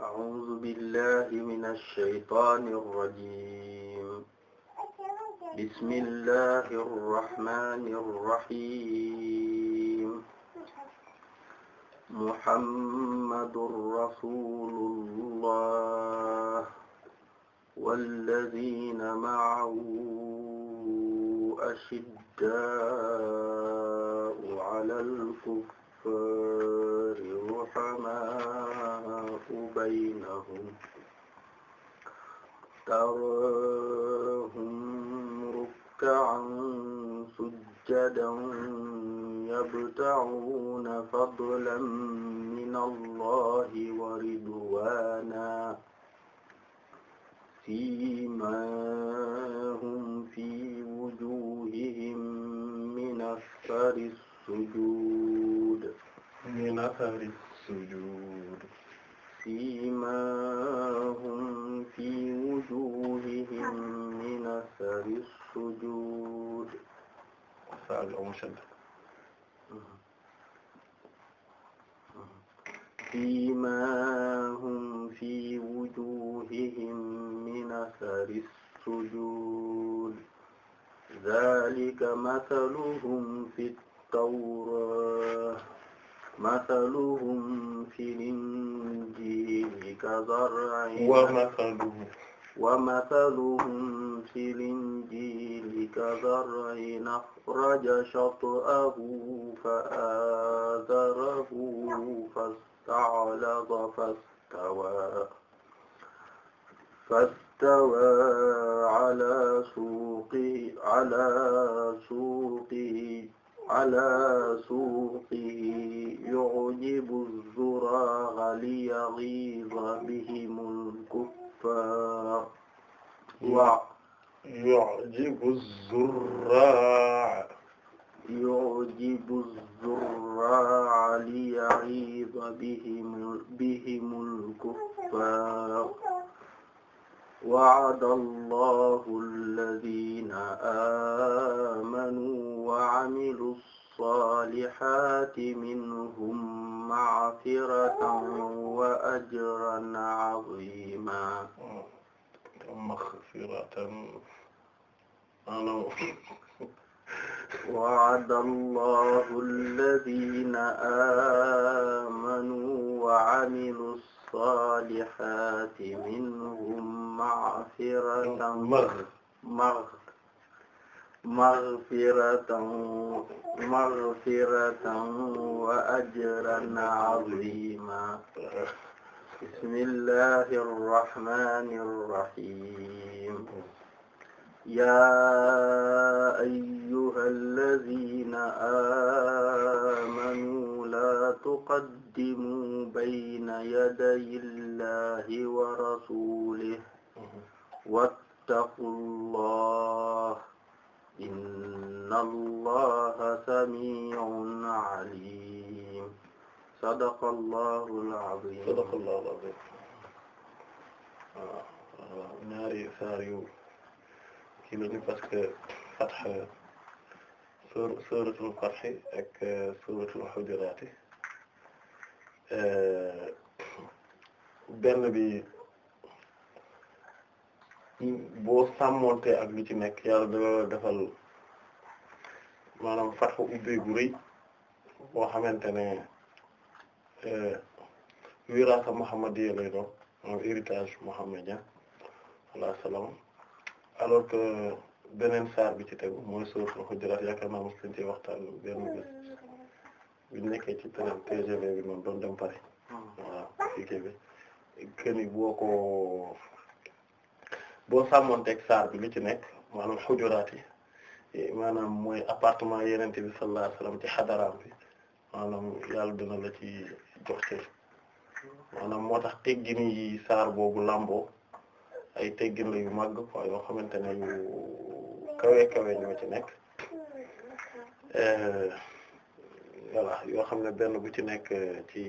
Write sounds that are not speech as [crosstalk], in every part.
أعوذ بالله من الشيطان الرجيم بسم الله الرحمن الرحيم محمد رسول الله والذين معه أشداء على الكفار الرحماء بينهم تراهم ركعا سجدا يبتغون فضلا من الله ورضوانا سيماهم في وجوههم من أثر السجود min athari sujud siimaahum fi wujuhihim min athari sujud saabi aw mushadda siimaahum fi wujuhihim min athari sujud zaalika mathaluhum fi at-tawraat مثلهم في الإنجيل كزرع ومثلهم ومثلهم في الإنجيل كزرع أخرج شطأه فآزره فاستعلظ فاستوى فاستوى على سوقه على سوقه على سوقه يعجب الزراع ليغيظ بهم الكفار يعجب الزراع يعجب الزراع ليغيظ بهم بهم الكفار وعد الله الذين آمنوا وعملوا الصالحات منهم مغفرة وأجرا عظيما مغفرة وعد الله الذين آمنوا وعملوا الصالحات منهم مغفرة مغ maghfiratan maghfiratan wa ajran azima bismillahi arrahmani arrahim ya ayyuha alladhina amanu la tuqaddimu bayna yaday illahi wa rasulihi wattaqu llah inna allaha samiun alim sadaqa allahul azim sadaqa allahul azim waaw ñaari saar yu kii lañu parce que Fath suuratul Fath ak euh, suuratul Hujuraat euh, benn bi boo sàmmonte ak lu ci nekk yàlla dina defal maanaam fatxu ubbi gu rëy boo xamante ne euh, wirasa muhammadiyya lay doon moom héritage muhammadien wala salaam alors que beneen saar bi ci tegu mooy suuratul Hujurat yaakaar naa mos nañ ci waxtaan benn bés bi ñu nekkee ci train TGV bi doon dem Paris waaw hmm. fii boo ko boo sàmmonteeg saar bi li ci nekk maanaam xujuraat yi e maanaam mooy appartement yenente bi sallallahu alayhi ci xadaraam bi maanaam yàlla dina la ci jox cër maanaam moo tax teggin yi saar boobu làmboo ay teggin la yu màgg yoo xamante ne yu kawe kawe ñoo ci nekk e, voilà yoo xam ne benn bu ci nekk ci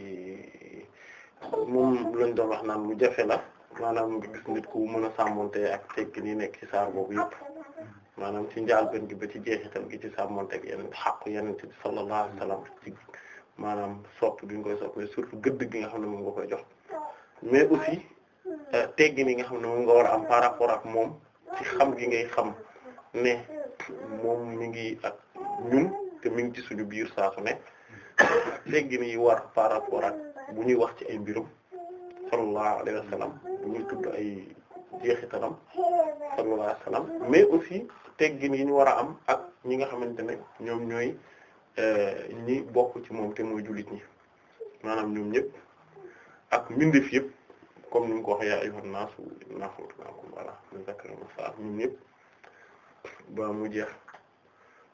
moom lañ doon wax naan lu jafe la maanaam nga gis nit ku mën a sàmmonte ak tegg ni nekk ci saar boobu yëpp maanaam ci njaalbeen gi ba ci jeexital gi ci sàmmonte ak yeneen xàqu yeneen ci sallallahu alayhi wasallam ci maanaam sopp bi nga koy sopp mais surtout gëdd gi nga xam ne moom nga koy jox mais aussi euh, tegg ni nga xam ne moom nga war am par rapport ak moom ci xam gi ngay xam ne moom mi ngi ak ñun te mi ngi ci suñu biir saa su ne tegg ni war par rapport ak bu ñuy wax ci ay mbirum sallallahu alayhi wasallam ñuy tudd ay jeexitalam sallallahu alayhi wa mais aussi teggin yi ñu war a am ak ñi nga xamante ne ñoom ñooy euh, ñi bokk ci moom te mooy jullit ñi maanaam ñoom ñëpp ak mbindeef yëpp comme ni mu ko waxee yaa ayyuhan naasu innaa xalaqnaakum voilà min zakarin wa unsaa ba mu jeex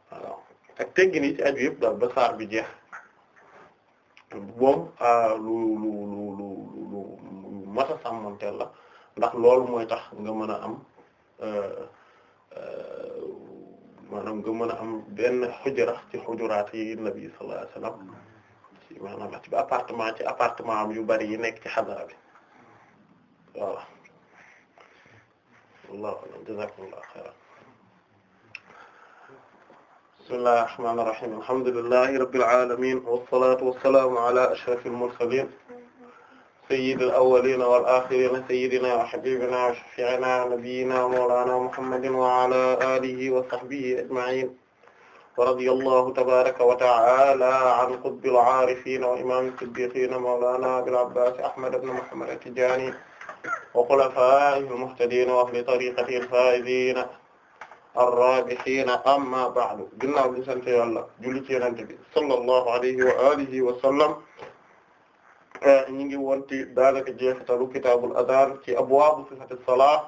voilà ak teggin yi ci aju yëpp daal ba saar bi jeex moom ah, lu lu lu lu. mat a sàmmanteel la ndax loolu mooy tax nga mën a am euh, euh, maanaam nga mën a am benn xujara ci xujuraat yi nabi sallallahu alayhi wasallam ci maanaam ci appartement ci appartement am yu bari yi nekk ci xadara bi voilà wallahu a'lam jazakumullahu khairan bismillahir rahmanir rahim alhamdulillahi rabbil alamin was salatu was salamu ala ashrafil mursalin sayyidil awwaliina wal aaxiriina sayyidinaa wa habiibinaa wa shafii'inaa wa nabiyyinaa mawlaanaa muhammadin wa alaa aalihi wa sahbihi ajma'iin wa radiyallahu tabaaraka wa ta'aalaa an qutbil aarifiina wa imaamil siddiqiina mawlaanaa abil abbaas ahmad ibn muhammad at-tijaani wa xulafaa'ihil muhtadiina wa ahli tariiqatihil faa'iziina ar-raabihiina ammaa ba'du ginnaaw bi sant Yàlla julli ci Yonent bi sallallahu alayhi wa aalihi wa sallam Eh, ñu ngi woon ci daanaka jeexitalu kitaabul adaan ci abwaabu sifati salaat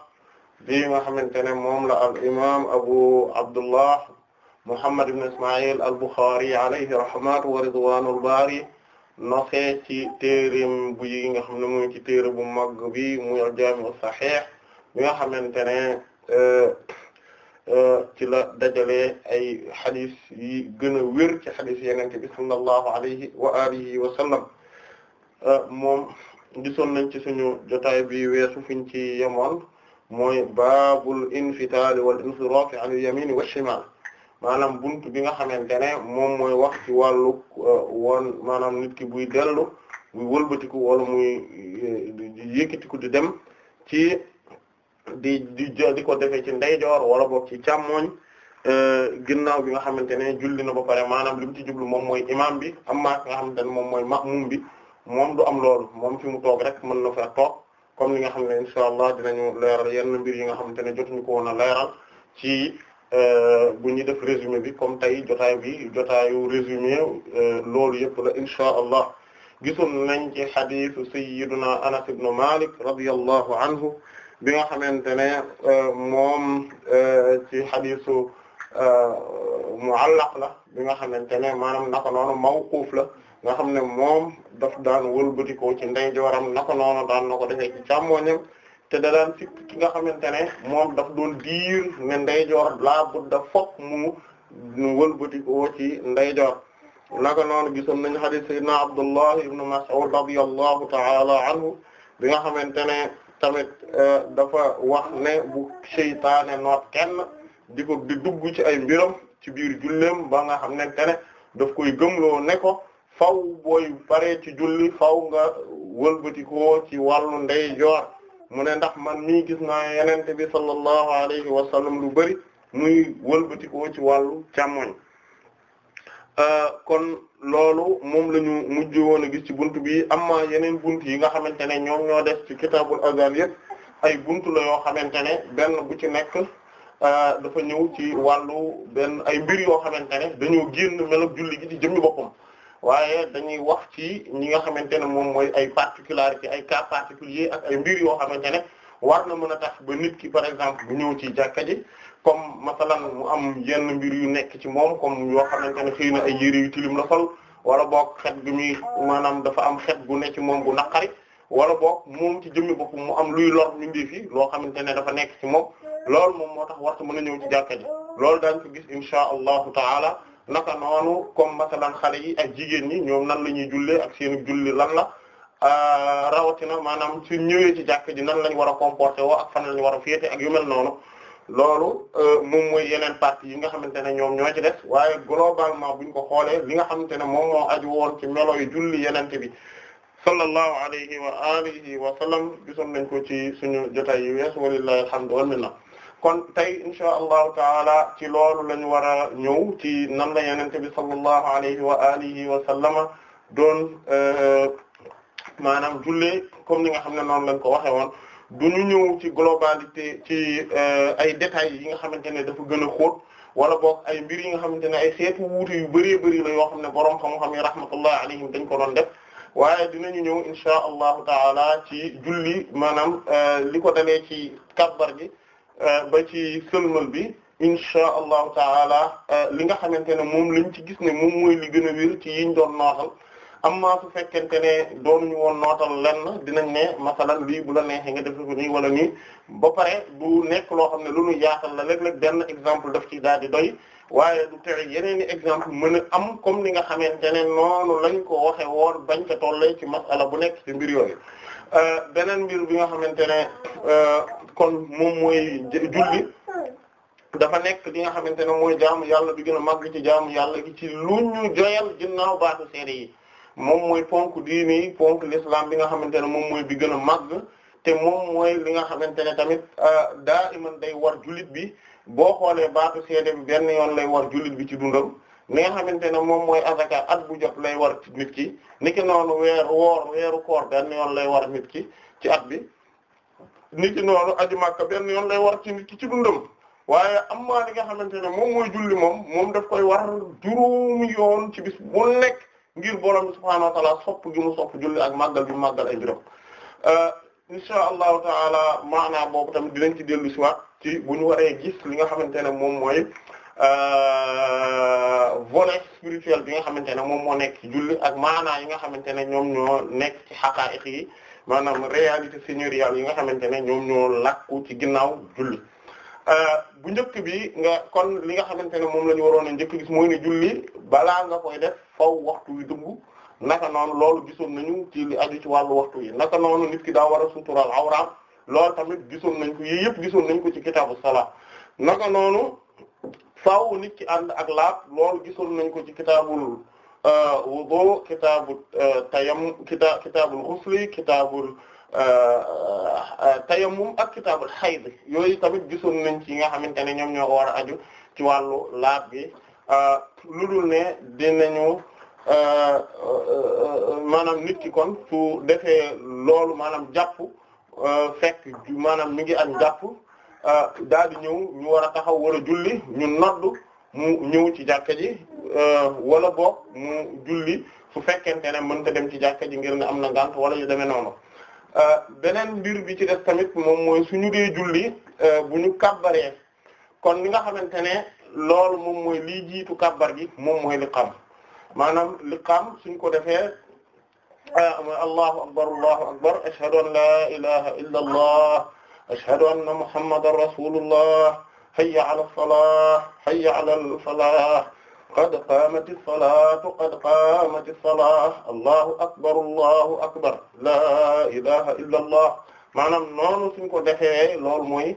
bi nga xamante ne moom la al imaam abu abdullah muhammad ibn isma'il al buxaari alayhi rahmatu wa ridwaanul baari noxee ci téereem bu yi nga xam ne mooy ci téere bu mag bi muy al jaami'u saxiix bi nga xamante ne eh, eh, ci la dajale ay xadis yi gën a wér ci bi sallallahu alayhi wa alihi wa sallam Euh, moom gisoon nañ ci suñu jotaay bi weesu fiñ ci yemoon mooy baabul infitaali wal insiraafi an al-yamin wa shimal maanaam buntu bi nga xamante ne moom mooy wax ci wàllu euh, woon maanaam nit ki buy dellu muy wëlbatiku wala muy euh, yëkkatiku di dem ci di di di ko defee ci ndeyjoor wala book ci càmmooñ ginnaaw bi nga xamante ne julli na ba pare maanaam li ci jublu moom mooy imam bi amma nga xamante ne moom mooy ma'mum bi moom du am loolu moom fi mu toog rek mën na fa toog comme li nga xam ne insha allah dinañu leeral yenn mbir yi nga xamante ne jotuñu ko woon a leeral ci euh, bu ñu def résumé bi comme tey jotaay bi jotaayu résumé euh, loolu yëpp la insha allah gisoon nañ ci xadiisu sayyiduna anas ibnu malik radiyallahu anhu bi nga xamante ne euh, moom ci xadiisu muallaq la bi nga xamante ne maanaam naka noonu mawquuf la nga xam ne moom daf daan wëlbatikoo ci ndeyjooram naka noono daan na ko defee ci càmmoñam te da sikk ki nga xamante ne moom daf doon diir ne ndeyjoor laa budda fokk mu wëlbatikoo ci ndeyjoor naka noonu gisoon nañu hadith sayyidina Abdullah ibn Mas'ud radiyallahu ta'ala anhu bi nga xamante ne tamit euh, dafa wax ne bu seytaane noot kenn di ko di dugg ci ay mbiram ci biir julleem ba nga xamante ne daf koy gëmloo ne ko faw booy paree ci julli faw nga wëlbatikoo ci wàllu ndeyjoor mu ne ndax man mi gis naa yenente bi sallallahu alayhi wa lu bari muy wëlbatikoo ci wàllu càmmoñ euh, kon loolu moom lañu ñu mujj woon a gis ci bunt bi amma yeneen bunt yi nga xamante ne ñoom ñoo def ci kitaabul azan yëpp ay bunt la yoo xamante ne benn bu ci nekk euh, dafa ñëw ci wàllu benn ay mbir yoo xamante ne dañoo génn melo julli gi ci jëmmi boppam waaye dañuy wax ci ñi nga xamante ne moom mooy ay particularité ay cas particulier ak ay mbir yoo xamante ne war na mën a tax ba nit ki par exemple bu ñëw ci jàkka ji comme masalan mu am yenn mbir yu nekk ci moom comme yoo xamante ne xëy na ay yére yu tilim la sol wala boog xet gu muy maanaam dafa am xet gu ne ci moom gu naqari wala boog moom ci jëmmi bopp mu am luy lor ñu mbii fii loo xamante ne dafa nekk ci moom loolu moom moo tax warta mën a ñëw ci jàkka ji loolu daañ ko gis insha allahu taala naka noonu comme masalan xale yi ak jigéen ñi ñoom nan la ñuy jullee ak seen julli lan la euh, rawatina maanaam si ñëwee ci jàkk ji nan lañu war a comporté woo ak fan lañ war a féete ak yu mel noonu loolu euh, moom mooy yeneen parties yi nga xamante ne ñoom ñoo ci waaye waaye globalement buñ ko xoolee li nga xamante ne moom aj woon ci melo yu julli yenente bi sallallahu alayhi wa alihi wa sallam gisoon nañ ko ci suñu jotaay yi wees walillahi alhamdu wal minna kon tey insha allahu taala ci loolu lañu war a ñëw ci nan la yenente bi sallallahu alayhi wa alihi wa sallama doon euh, maanaam jullee comme ni nga xam ne noonu lañ ko waxe woon du ñu ñëw ci globalité ci euh, ay détails yi nga xamante ne dafa gën a xóot wala book ay mbir yi nga xamante ne ay xeetu wuute yu bëree bëri la yoo xam ne boroom xam-xam yi rahmatullah dañ ko doon def waaye dinañu ñëw insha allahu taala ci julli maanaam euh, li ko dalee ci kabbar gi Euh, ba ci sëlmal bi insha allahu taala euh, li nga xamante ne moom lañ ci gis ne moom muy li gën a ci yiñ doon nootal amma su fekkente ne doonuñu woon nootal lenn dinañ ne masalan lii bu la neexee nga def ko nii wala nii ba pare du nekk loo xam ne lu ñu yaatal la léeg-léeg benn exemple def ci daal di doy waaye du tere yeneen i exemple mën a am comme ni nga xamante ne noonu lañu ko waxe woon bañ ko tollee ci masala bu nekk ci mbir yooyu euh, beneen mbir bi nga xamante ne kon moom mooy julli dafa nekk di nga xamante ne mooy jaam yàlla bi gën a màgg ci jaamu yàlla gi ci lu ñu joyal ginnaaw baatu seede yi moom mooy ponk diini yi ponk l'islam bi nga xamante ne moom mooy bi gën a màgg te moom mooy li nga xamante ne tamit euh, daa iman day war jullit bi boo xoolee baatu seede bi benn yoon lay war jullit bi ci dundam li nga xamante ne moom mooy azaka at bu jot lay war nit ki niki noonu weer woor weeru koor benn yoon lay war nit ki ci at bi nit ki noonu aji màkka benn yoon lay war ci ki ci dundam waaye am na li nga xamante ne moom mooy julli moom moom daf koy war juróomi yoon ci bis bu nekk ngir borom bi subhaanahu wa taala sopp gi sopp julli ak màggal bi mu màggal ay mbiram euh, insha allahu taala maanaa boobu tamit dinañ ci dellu si waat ci bu ñu waree gis li nga xamante ne moom mooy euh, volet spirituel bi nga xamante ne moom moo nekk ci julli ak maanaa yi nga xamante ne ñoom ñoo nekk ci xaqaa'iq yi maanaam réalité seigneuriale yi nga xamante ne ñoom ñoo làkku ci ginnaaw julli euh, bu njëkk bi nga kon li nga xamante ne moom la ñu waroon a njëkk gis mooy ne julli balaa nga koy def faw waxtu wi dugg naka noonu loolu gisoon nañu ci li aju ci wàllu waxtu yi naka noonu nit ki daa war a sutural awraam loolu tamit gisoon nañ ko yii yëpp gisoon nañ ko ci kitaabu salaa naka noonu faaw nit ki ànd ak laab loolu gisoon nañ ko ci kitaabul wudu kitaabu eh, tayammum kita kitaabul xusli kitaabul eh, eh, tayammum ak kitaabul xayd yooyu tamit gisoon nañ ci nga xamante ne ñoom ñoo ko war a aju ci wàllu laab bi lu dul ne dinañu maanaam nit ki kon su defee loolu maanaam jàpp fekk maanaam mi ngi am jàpp daal di ñëw ñu war a taxaw war julli ñu noddu mu ñëw ci jàkka ji Euh, wala boog mu julli su fekkente ne mënta dem ci jàkka ji ngir ne am na ngant wala yu demee noonu euh, beneen mbir bi ci des tamit moom mooy suñu dee julli euh, bu ñu kàbbaree kon li nga xamante ne lool moom mooy lii jiitu kàbbar gi moom mooy li xam maanaam li xam suñ ko defee allahu akbar allahu akbar ashhadu an la ilaha illa allah ashhadu anna muhammadan rasulullah hayya ala salah hayya ala al qad qaamati salaatu qad qaamati salaat allahu akbar allahu akbar laa ilaha illa allah maanaam noonu suñ ko defee loolu mooy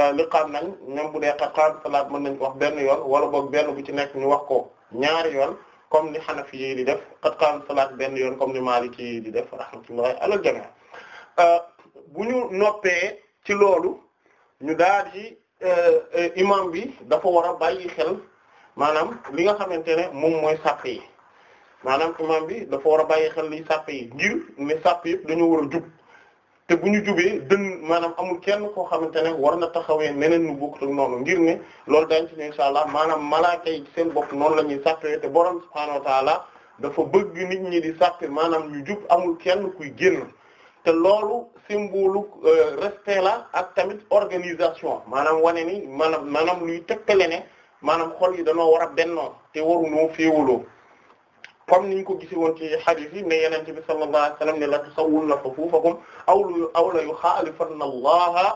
euh, li qaam nañ même bu dee qad qaamati salaat mën nañ ko wax benn yoon wala boog benn bu ci nekk ñu wax ko ñaari yoon comme ni Hanafi yi di def qad qaamati salaat benn yoon comme ni Maliki yi di def rahmatullahi alal jamii euh, bu ñu noppee ci loolu ñu daal di euh, imam bi dafa war a bàyyi xel maanaam li nga xamante ne moom mooy sàpp yi maanaam imaam bi dafa war a bàyyi xel li sàpp yi ngir ne sàpp yëpp dañoo war a jub te bu ñu jubee dën maanaam amul kenn koo xamante ne war na taxawee neneen nu bokkut ak noonu ngir ne loolu dañ ci insha allah maanaam malaa yi seen bopp noonu la ñuy sàppee te borom subhaanahu wa taala dafa bëgg nit ñi di sàppe maanaam ñu jub amul kenn kuy génn te loolu symbole euh, respect la ak tamit organisation maanaam wane ni maanaam maanaam luy tegtale ne. maanaam xol yi danoo war a bennoo te waruñoo féewuloo comme niñ ko gisi woon ci hadith yi ne yonent bi sallallahu alayhi wasallam ne la tusawwunna sufufakum aw la yu yukhalifanna allaha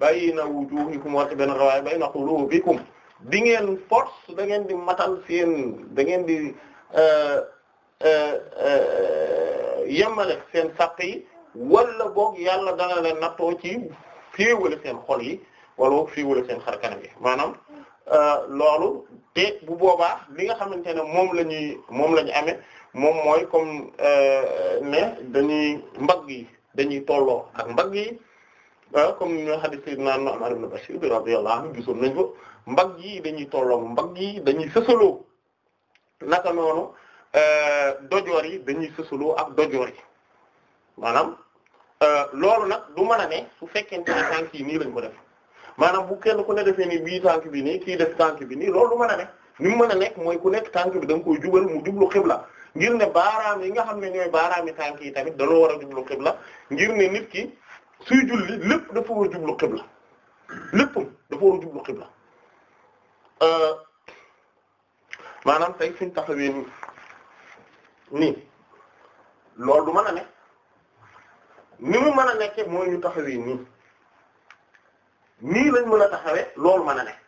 bayna wujuhikum wa benn rawaay bayna qulubikum di ngeen force da ngeen di matal seen da ngeen di euh, euh, yemale seen sàq yi wala boog yàlla dana leen nattoo ci féewale seen xol yi wala boog féewale seen xarkanam yi maanaam Euh, loolu te bu boobaa li nga xamante ne moom la ñuy moom la ñu moom mooy comme euh, ne dañuy mbagg yi dañuy tolloo ak mbagg yi euh, comme ni ñoo xadis sayyidina Nu'man ibn Bashir bi radiyallahu anhu gisoon nañ ko mbagg dañuy tolloo mbagg yi dañuy sësaloo naka noonu dojoor yi dañuy sësaloo ak dojoor yi maanaam loolu nag du mën a ne su fekkente ne yi nii lañ ko def maanaam bu kenn ku ne defee nii bii tànk bi nii kii def tànk bi nii loolu mën a nekk ni mu mën a nekk ku nekk tànk bi da nga koy jubal mu jublu xibla ngir ne baaraam yi nga xam ne ñooy baaraam yi tànk yi tamit dañoo war a jublu xibla ngir ne nit ki suy julli lépp dafa war a jublu xibla lépp dafa war euh, loolu du mën ni mu mën a nekkee mooy ñu taxawee nii nii lañ mën a taxawee loolu mën a nekk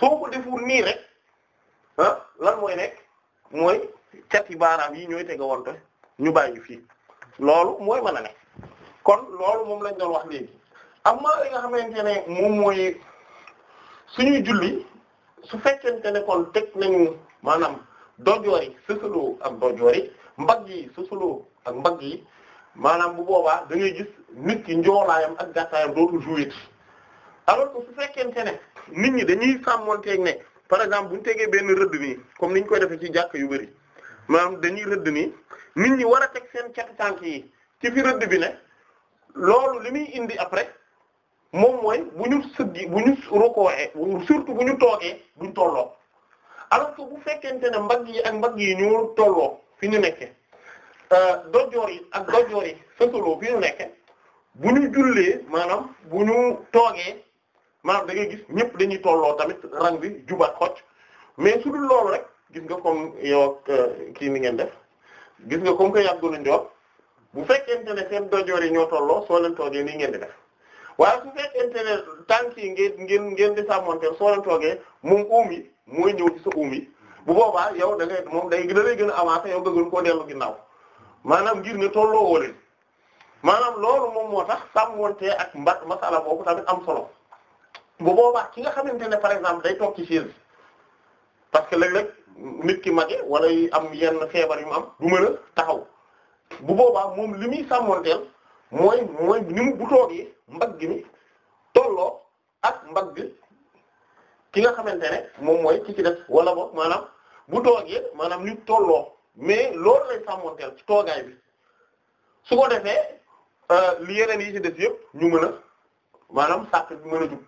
soo ko deful nii rek ah, lan mooy nekk mooy cati baaraam yi ñooy tega wante ñu bàyyi fii loolu mooy mën a nekk kon loolu moom lañ doon wax léegi am na li nga xamante ne moom mooy suñuy julli su fekkente ne kon teg nañu maanaam dojoor yi ak dojoor yi mbagg yi sësaloo ak mbagg yi maanaam bu boobaa dangay gis nit ki njoolaayam ak gàttaayam dootul jouer alors ko su fekkente ne nit ñi dañuy sàmmonteeg ne par exemple bu ñu tegee benn rëdd nii comme ni ñu koy defee ci jàkk yu bari maanaam dañuy rëdd nii nit ñi war a teg seen catu tànk yi ci fi rëdd bi ne loolu li muy indi après moom mooy bu ñu sëggi bu ñu rukooee surtout bu ñu toogee ñu tolloo alors que bu fekkente ne mbagg yi ak mbagg yi ñu tolloo fi ñu nekkee euh, dojoor yi ak dojoor yi sësaloo fi ñu nekkee bu ñu jullee maanaam bu ñu toogee maanaam da ngay gis ñëpp dañuy tolloo tamit rang bi jubat xocc mais su dul loolu rek gis nga comme yow euh, kii ni ngeen def gis nga comme que yàggu na joor bu fekkente ne seen dojoor yi ñoo tolloo soo leen toogee nii ngeen di def waaye su fekkente ne tànk yi ngeen ngeen ngeen di sàmmonteel soo leen toogee moom uum yi mooy ñëw ci sa uum yi bu boobaa yow da ngay moom day da lay gën a avancer yow nga gën koo dellu ginnaaw maanaam ngir ne tolloo woo leen maanaam loolu moom moo tax sàmmontee ak mbat masala boobu tamit am solo. bu boobaa ki nga xamante ne par exemple day toog ci chaise parce que léeg-léeg nit ki mage wala am yenn feebar yu mu am du mën a taxaw bu boobaa moom li muy sàmmoonteel mooy mooy ni bu toogee mbagg mi tolloo ak mbagg ki nga xamante ne moom mooy ki ci def wala boog maanaam bu toogee maanaam nit tolloo mais loolu lay sàmmoonteel ci toogaay bi su ko defee euh, li yeneen yi ci def yëpp ñu mën a maanaam sàkk bi mën a jub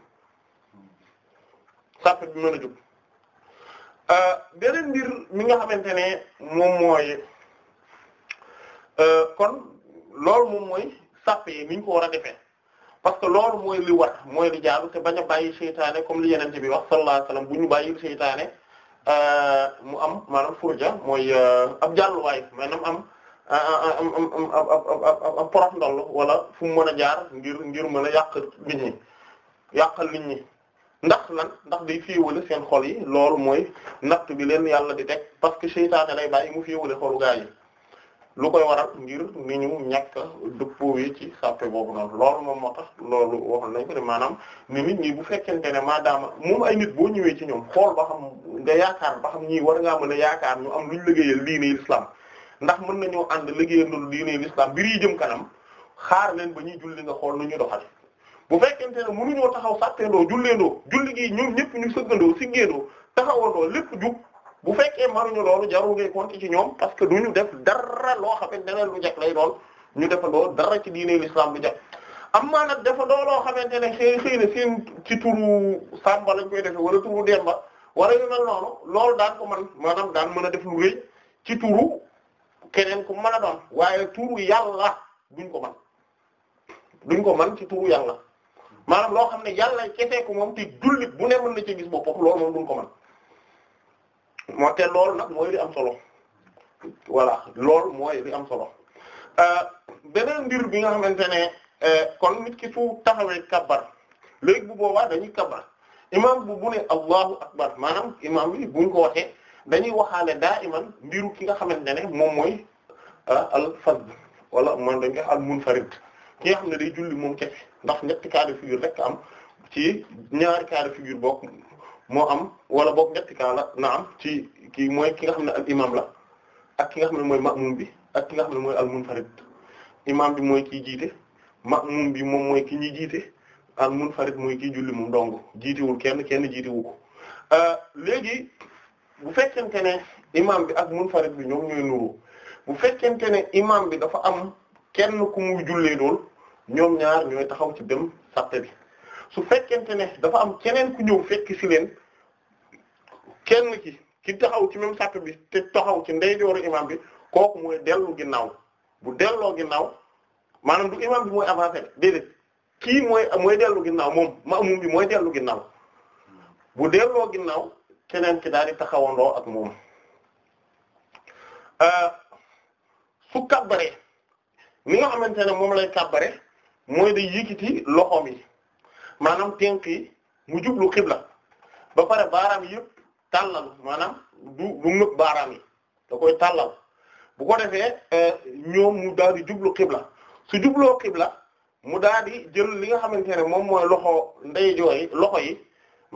sàppe bi mën a jóg euh, beneen mbir mi nga xamante ne moom mooy euh, kon loolu moom mooy sàppe yi ni ko war a defee parce que loolu mooy li war mooy li jaar te bañ a bàyyi seytaane comme li yenente bi wax sallallahu alayhi wasallam bu ñu bàyyi seytaane euh, mu am maanaam furja mooy ab jàlluwaay maanaam am am porof ndoll wala fu mu mën a jaar ngir ngir mën a yàq nit ñi yàqal nit ndax lan ndax day féewale seen xool yi loolu mooy natt bi leen yàlla di teg parce que seytaane lay bàyyi mu féewale xolu gaa yi lu koy waral ngir ni ñu ñàkk dëppoo yi ci sàppe boobu noonu loolu moo tax loolu waxoon nañ ko maanaam ni nit ñi bu fekkente ne maadaama moom ay nit boo ñëwee ci ñoom xool ba xam nga yaakaar ba xam ñii war ngaa mën a yaakaar ñu am luñ liggéeyal diine l'islam ndax mën nañoo ànd liggéeyal loolu diine l'islam mbir yi jëm kanam xaar leen ba ñuy julli nga xool nu ñu doxal bu fekkente ne ñoo taxaw sàppeendoo julleendoo julli gi ñu ñëpp ñu sëggandoo siggeendoo taxawandoo lépp jug bu fekkee maruñu loolu jarul ngay compter ci ñoom parce que ñu def dara loo xamante ne lu jag lay doon ñu defandoo dara ci diine l'islam lu jag amma nag defandoo loo xamante ne xëy xëy na seen ci turu Samba lañ koy defee wala turu Demba wala yu mel noonu loolu daan ko man maanaam daan mën a def lu rëy ci turu keneen ku mën a doon waaye turu yàlla duñ ko man duñ ko man ci turu yàlla maanaam loo xam ne yàlla kese ko moom ti jullit bu ne mën na ci gis boppam loolu moom duñ ko moo te loolu nag mooy li am solo voilà loolu mooy li am solo euh, beneen mbir bi nga xamante ne euh, kon nit ki fu taxawee kabbar léegi bu boobaa dañuy kabbar imaam bu bu ne allahu akbar maanaam imaam bi buñ ko waxee dañuy waxaale daa iman mbiru ki nga xamante ne moom mooy euh, al fard wala moo dañ koy al munfarid ki nga xam ne day julli moom kese ndax ñetti cas de rek am ci ñaari cas de bokk moo am wala boog ñetti cas la na am ci kii mooy ki nga xam ne al imam la ak ki nga xam ne mooy ma ma'mum bi ak ki nga xam ne mooy al munfarid imam bi mooy kii jiite ma'mum bi moom mooy ki ñuy jiite mun munfarid mooy kii julli mu dong jiitewul kenn kenn jiitewu ko euh, léegi bu fekkente ne imam bi ak munfarid bi ñoom ñooy nuru bu fekkente ne imam bi dafa am kenn ku muy jullee dool ñoom ñaar ñooy taxaw ci dem sàppe bi su fekkente ne dafa am keneen ku ñëw fekk ci leen kenn ki ki taxaw ci même sàppe bi te taxaw ci ndeyjooru imam bi kooku mooy dellu ginnaaw bu delloo ginnaaw maanaam du imam bi mooy avancé déedéet kii mooy mooy dellu ginnaaw moom maamum bi mooy dellu ginnaaw bu delloo ginnaaw keneen ki daal di taxawandoo ak moom euh, su kàbbaree ni nga xamante ne moom lay kàbbaree mooy da yëkkati loxo mi maanaam tenk yi mu jublu xibla ba pare baaraam yëpp tàllal maanaam du du nëb baaraam yi da koy tàllal bu ko defee euh, ñoom mu daal di jublu xibla su jubloo xibla mu daal di jël li nga xamante ne moom mooy loxo ndeyjoor yi loxo yi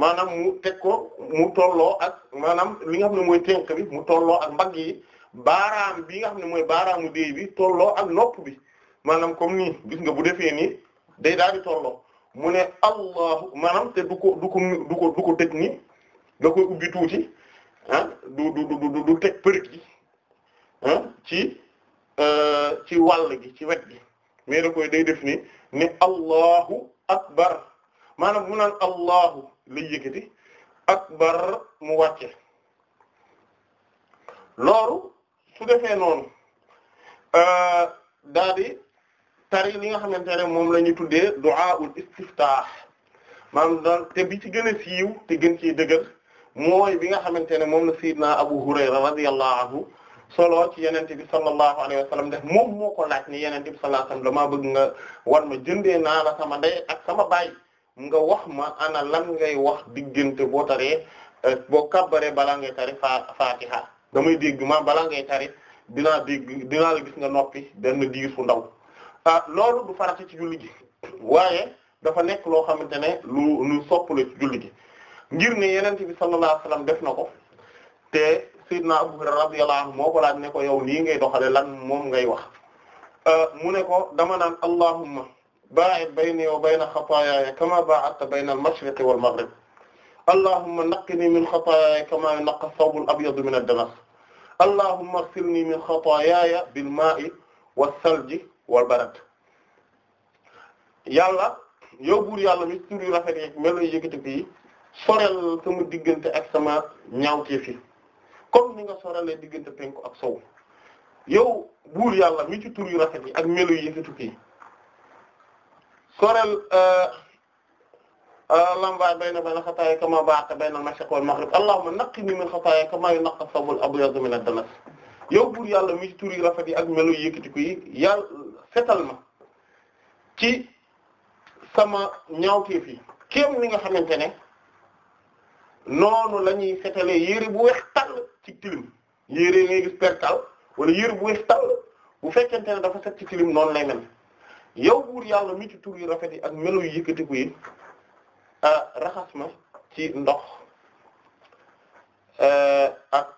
maanaam mu teg ko mu tolloo ak maanaam li nga xam ne mooy tenk bi mu tolloo ak mbagg yi baaraam bi nga xam ne mooy baaraamu déy bi tolloo ak nopp bi maanaam comme ni gis nga bu defee nii day daal di tolloo mu ne allahu maanaam te du ko du ko du ko du ko tëj da koy ubbi tuuti ah du teg përëg gi ah ci euh, ci wàll gi ci wet gi mais da koy day def ni ne allahu akbar maanaam mu naan allahu lay yëkkati akbar mu wàcce loolu su defee noonu euh, daa tari li nga xamante ne moom la ñu tuddee du'aul istiftah maanaam te bi ci gën a siiw te gën ci dëgër mooy bi nga xamante ne moom la sayyidna Abu Hurayra radiyallahu anhu solo ci yenente bi sallallahu alayhi wa sallam def moom moo ko laaj ni yenente bi sallallahu alayhi wa sallam damaa bëgg nga wan ma jëndee naa la sama ndey ak sama baay nga wax ma ana lan ngay wax diggante boo taree eh, boo kabbare balaa ngay tari fa fatiha damay dégg ma balaa ngay tari dinaa dégg dinaa la nga noppi benn diir ndaw Euh, loolu du farata ci julli gi waaye dafa nekk loo xamante ne lu lu soppala ci julli gi ngir ne yenente bi sallallahu alayhi wasallam def na ko te sayyidna Abu Hurayra radiyallahu anhu moo ko laaj ne ko yow nii ngay doxale lan moom ngay wax euh, mu ne ko dama naan allahumma ba'id bayni wa bayna xataayaaya kama ba'adta bayna al-mashriqi wal-maghrib allahumma naqqini min xataayaaya kama yunaqqa ath-thawbu al-abyadu min ad-danas allahumma ighsilni min xataayaaya bil-maa'i was-salji wal barat yàlla yow buur yàlla mi tur yu rafet yi mel ni yëkkati fii sorel sama diggante ak sama ñaawtee fi comme ni nga sorelee diggante penku ak sow yow buur yàlla mi ci tur yu rafet yi ak melo yi yëkkati fii sorel euh, euh, lambaay bay yi ak setal ma ci sama ñaawteef yi kéem ni nga xamante ne noonu lañuy ñuy yére bu weex tàll ci tilim yére ngay gis perkal wala yére bu weex tàll bu fekkente ne dafa set ci tilim noonu lay mel yow buur yàlla mi ci tur yu rafet yi ak melo yu yëkkatiku yi raxas ma ci ndox ak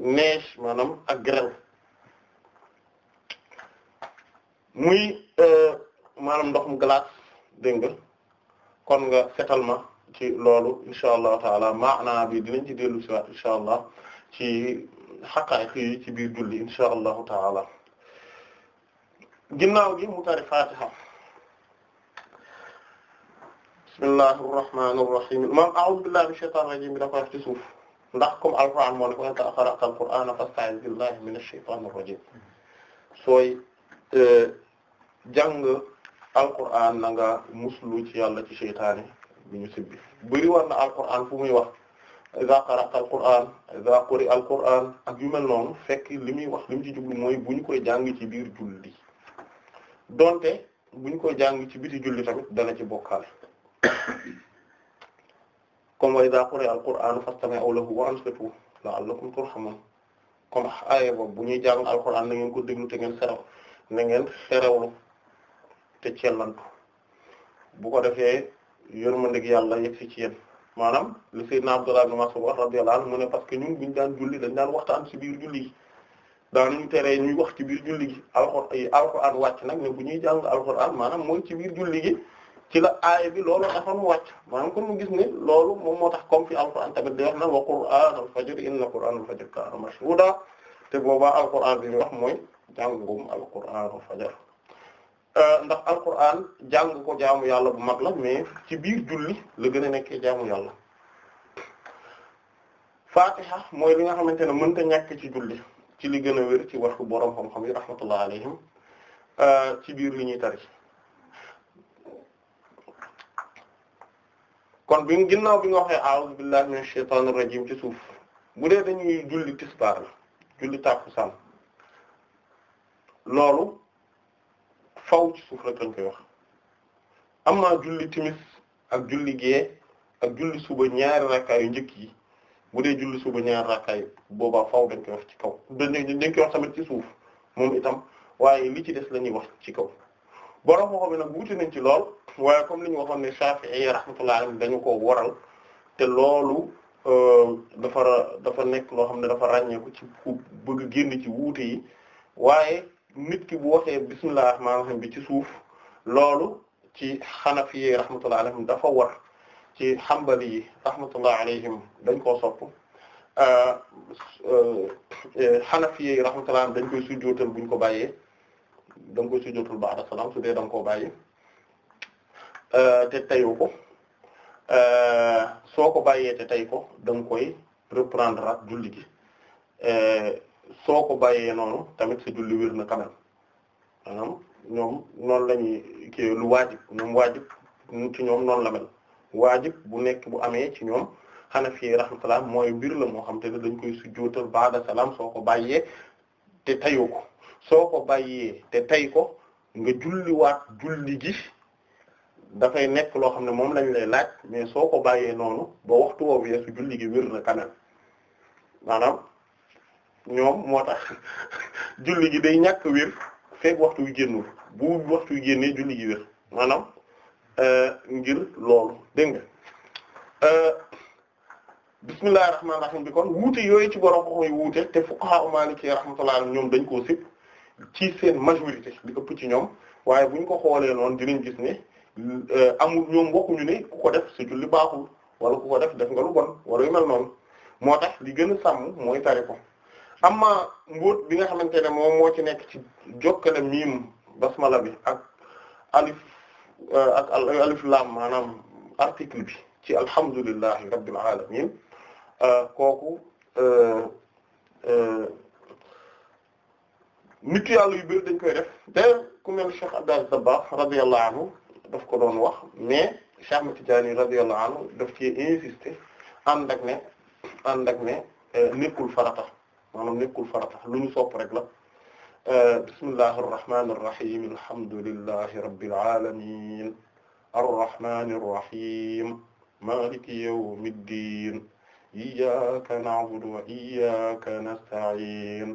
neige maanaam ak grêle muy euh, maanaam ndox mu glace dégg nga kon ga setal ma ci loolu insha allahu taala maanaa bi dinañ ci dellu si waat insha allah ci xaqaayiq yi ci biir julli insha allahu taala ginnaaw gi mu tari fatiha bismillahi irrahmani irrahim imam aoudubillahi min shaytan rajim bi da koy wax ci suuf ndax comme alquran moo ne ko min ash-shaytan ar-rajim sooy jàng alquran na nga muslu ci yàlla ci seytaane bi ñu sibbi bëri war na alquran fu muy wax iza qara'ta alquran iza quri'a alquran ak yu mel noonu fekk li muy wax li mu ci jublu mooy bu koy jàng ci biir julli donte bu ñu koy jàng ci biti julli tamit dana ci bokkaale comme wa iza quri'a alquran fastami'u lahu wa ansitu la'allakum turhamun comme aaya boobu bu ñuy jàng alquran na ngeen ko déglu te ngeen saraw na ngeen xerewlu te cellantu bu ko defee yërmandeeg yàlla yegg si ci yéen maanaam li sayyidna Abdullah ibn Mas'ud wax radiyallahu anhu mu ne parce que ñun buñu daan julli dañ daan waxtaan ci biir julli gi daanuñu teree ñuy wax ci biir julli gi alxuraan alxuraan wàcc nag ne bu ñuy jàng alxuraan maanaam mooy ci biir julli gi ci la aaya bi loolu taxoon mu wàcc maanaam kon mu gis ne loolu moom moo tax comme fi alxuraan tamit di wax nag wa qur'aanal fajr inna qur'aanal fajr kaana mashhuuda te boobaa alxuraan wax mooy jàngum alquraan fajar euh, ndax alquraan jàng ko jaamu yàlla bu mag la mais ci biir julli la gën a nekkee jaamu yàlla fatiha mooy li nga xamante ne mën mënta ñàkk ci julli ci li gën a wér ci waxu boroom xam-xam yi rahmatullah alayhim euh, ci biir li ñuy tari kon bi ginnaaw bi nga waxee a'udhu billahi minash shaitanir rajim ci suuf bu dee dañuy julli tisbaar julli tàkkusaan loolu faw ci suuf rek lañ koy wax am na julli timis ak julli gee ak julli suba ñaari rakkaay njëkk yi bu dee julli suba ñaari rakkaay booba faw dañ koy wax ci kaw dañ dañ koy wax tamit ci suuf moom itam waaye li ci des la wax ci kaw borom waxo bi nag wuute nañ ci lool waaye comme li ñu waxoon ne Shafi'i rahmatullah alayhi dañu ko waral te loolu euh, dafa nekk loo xam ne dafa ràññeeku ci bëgg génn ci wuute yi waaye nit ki bu waxee bismillahir rahmanir rahim bi ci suuf loolu ci xanafi yi rahmatullahi alayhim dafa war ci xambali yi rahmatullahi alayhim dañ koo sopp xanafi yi rahmatullahi alayhim dañ koy sujjootal buñ ko bàyyee da nga koy sujjootal ba'da salaam su dee da koo bàyyi te tayu ko bàyyee te tay ko da koy reprendre ak julli gi soo ko bàyyee noonu tamit si julli wér na quand maanaam ñoom noonu lañuy ñuy lu waajib ñoom waajib ci ñoom noonu la mel waajib bu nekk bu amee ci ñoom Hanafi rahmatullah mooy mbir la moo xam te ne dañ koy sujjóotal baada salaam soo ko bàyyee te tayoo ko soo ko bàyyee te tay ko nga julliwaat julli gi dafay nekk loo xam ne moom lañ lay laaj mais soo ko bàyyee noonu ba waxtu woowu yeesu julli gi wér na quand maanaam ñoom moo tax julli gi day ñàkk wér fekk waxtu wi génnul bu waxtu wi génnee julli gi wér maanaam euh, ngir loolu dégg nga euh, bismillahir rahmanir rahim bi kon wuute yooyu ci borom ko koy wuute te fuqaha maliki rahmatullah ñoom dañ koo sib ci seen majorité di ëpp ci ñoom waaye buñ ko xoolee noonu dinañ gis ne euh, amul ñoom bokkuñu ne ku ko def sa julli baaxul wala ku ko def def nga lu bon wala mel noonu moo tax li gën a sàmm mooy tari ko amma mbóot bi nga xamante ne moom moo ci nekk ci jokkale miim basmala bi ak alif euh, ak alif lam maanaam article bi ci alhamdulillahi rabbil alamin euh, kooku euh, nit yàlla yu bëri dañ koy def te ku mel Cheikh Abdel Dabakh radiyallahu daf ko doon wax mais Cheikh Ahmad Tidiane radiyallahu anhu daf ci insister ànd ak ne ànd ak ne nekkul farata maanaam nekkul farata lu ñu sopp rek la euh, bismillahir rahmanir rahim alhamdulillahi rabbil alamin arrahmanir rahim maliki yawmiddin iyyaka na'budu wa iyyaka nasta'in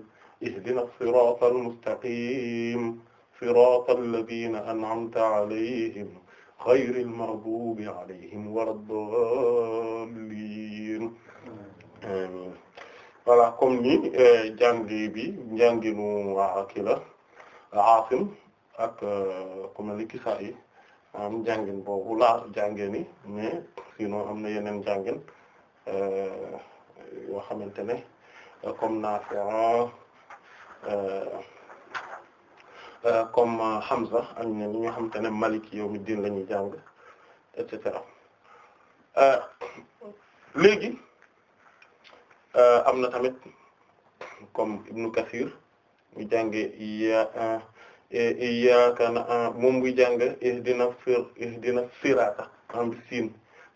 ihdinas siratal mustaqim siratal ladina an'amta alayhim xayril maxduubi alayhim wala daalliin amiin voilà comme ni euh, jàngi bi njànginu waa kii ak euh, ku mel ni am jàngin boobu laa jàngee ni mais am na yeneen jàngin euh, yoo xamante ne comme Naafi' comme Hamza ak ñi nga xamante ne Maliki yawmi diin la ñuy Euh, am na tamit comme Ibn Kathir muy jànge ya iyyaka e, e, na ah, moom muy jàng ihdina sir ihdina sirata am sin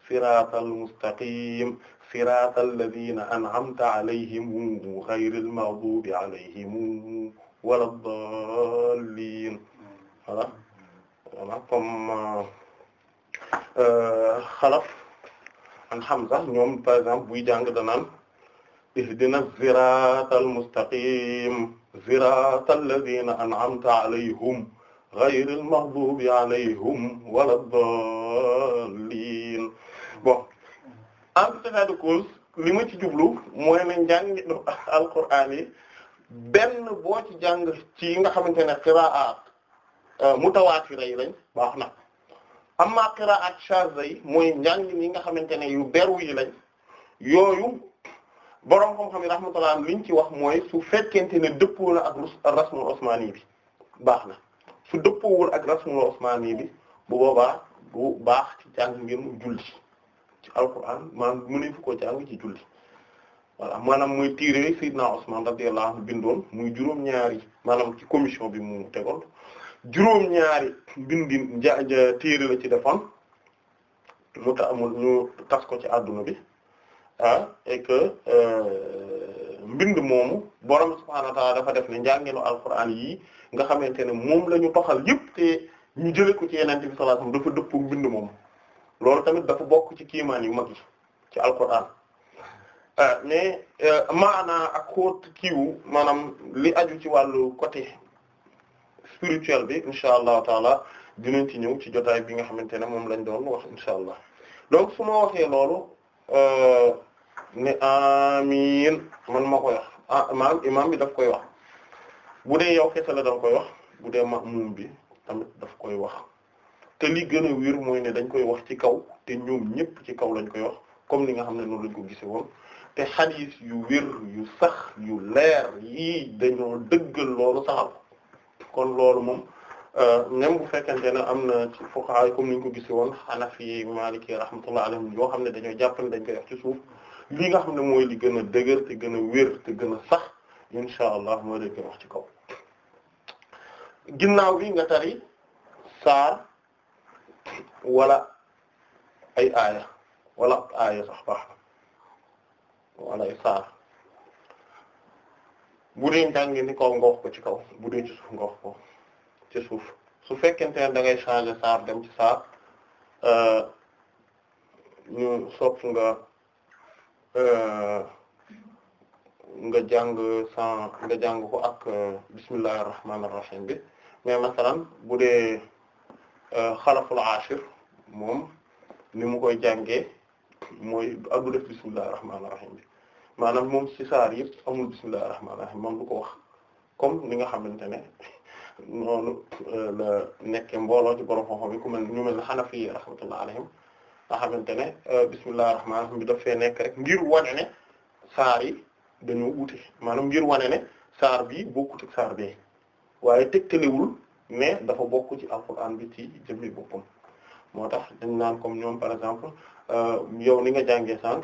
siratal mustaqim siratal ladina an'amta alayhim ghayril maghdubi alayhim waladdallin voilà voilà comme xalaf euh, euh, an Hamza ñoom par exemple buy jàng danaan ihdina siraatal mustaqim siraatal lazina an'amta alayhum ghayril maghdubi alayhim waladdaalliin bon en tout état de cause li ma ci jublu mooy ne njàngi do alquraan yi benn boo ci jàng ci nga xamante ne qiraa'at euh, mutawaatira yi lañ baax na amma qiraa'at shaaza yi mooy njàng yi nga xamante ne yu beru yi lañ yooyu borom xam-xam yi rahmatullah am liñ ci wax mooy su fekkente ne dëppoo na ak rasmul osmani bi baax na su dëppoowul ak rasmul osmani bi bu boobaa bu baax ci jàng ngir mu julli ci alquran maanaam mëneñ fu ko jàng ci julli voilà maanaam muy tiiré Seydina Usman radiyallahu anhu bindoon muy juróom-ñaari maanaam ci commission bi mu tegoon juróom-ñaari bindin ja tiiré la ci defoon lu ta amul ñu tas ko ci adduna bi ah et que euh, mbind moomu borom subhaanahu wa dafa def ne njàngeenu alquran yi nga xamante ne moom la ñu toxal yépp te ñu jëlee ko ci yenente bi sallallahu dafa dëpp mbind moomu loolu tamit dafa bokk ci kiimaan yu mag yi ci alquran ah, mais euh, maana ak xóot kiiwu maanaam li aju ci wàllu côté spirituel bi insha allahu taala dinañ ci ñëw ci jotaay bi nga xamante ne moom lañ doon wax insha allah donc su ma waxee loolu euh, ne amiin man ma koy wax ah maanaam imaam bi daf koy wax bu dee yow kese la danga koy wax bu dee ma ma'muum bi tamit daf koy wax te li gën a wér mooy ne dañ koy wax ci kaw te ñoom ñëpp ci kaw lañ koy wax comme li nga xam ne noonu lañ ko gise woon te xadiis yu wér yu sax yu leer yi dañoo dëggal loolu saxal kon loolu moom euh, même bu fekkente ne am na ci fuqaha comme ni ñu ko gise woon Hanafi Maliki rahmatullah alayhim yoo xam ne dañoo jàpp ne dañ koy wax ci suuf li nga xam ne mooy li gën a dëgër te gën a wér te gën a sax insha allah moo dëgg wax ci kaw ginnaaw bi nga tari saar wala ay aaya wala aaya sax baax wala ay saar bu dee njàngi ni kaw nga ko ci kaw bu dee ci suuf nga ko ci suuf su fekkente ne da ngay changer saar dem ci saar euh, ñu sopp nga Euh, nga jàng sans nga jàng ko ak euh, bismillahir rahmanir rahim bi mais masalan bu dee euh, xalaful ashir moom ni mu koy jàngee mooy ak du def bismillahir rahmanir rahim bi maanaam moom ci saar yëpp amul bismillahir rahmanir rahim moom du ko wax comme ni nga xamante ne noonu la nekkee mbooloo ci borom xam yi ku mel ñu mel ne Hanafi rahmatullah alayhim nga xamante ne euh, bismillahir rahmanir rahim bi daf fee nekk rek ngir wane ne saar yi dañoo wuute maanaam ngir wane ne saar bi bokkut ak saar bee waaye tegtalewul mais dafa bokk ci alquran bi ci jëmmi boppam moo tax dañ naan comme ñoom par exemple euh, yow ni nga jàngee sànq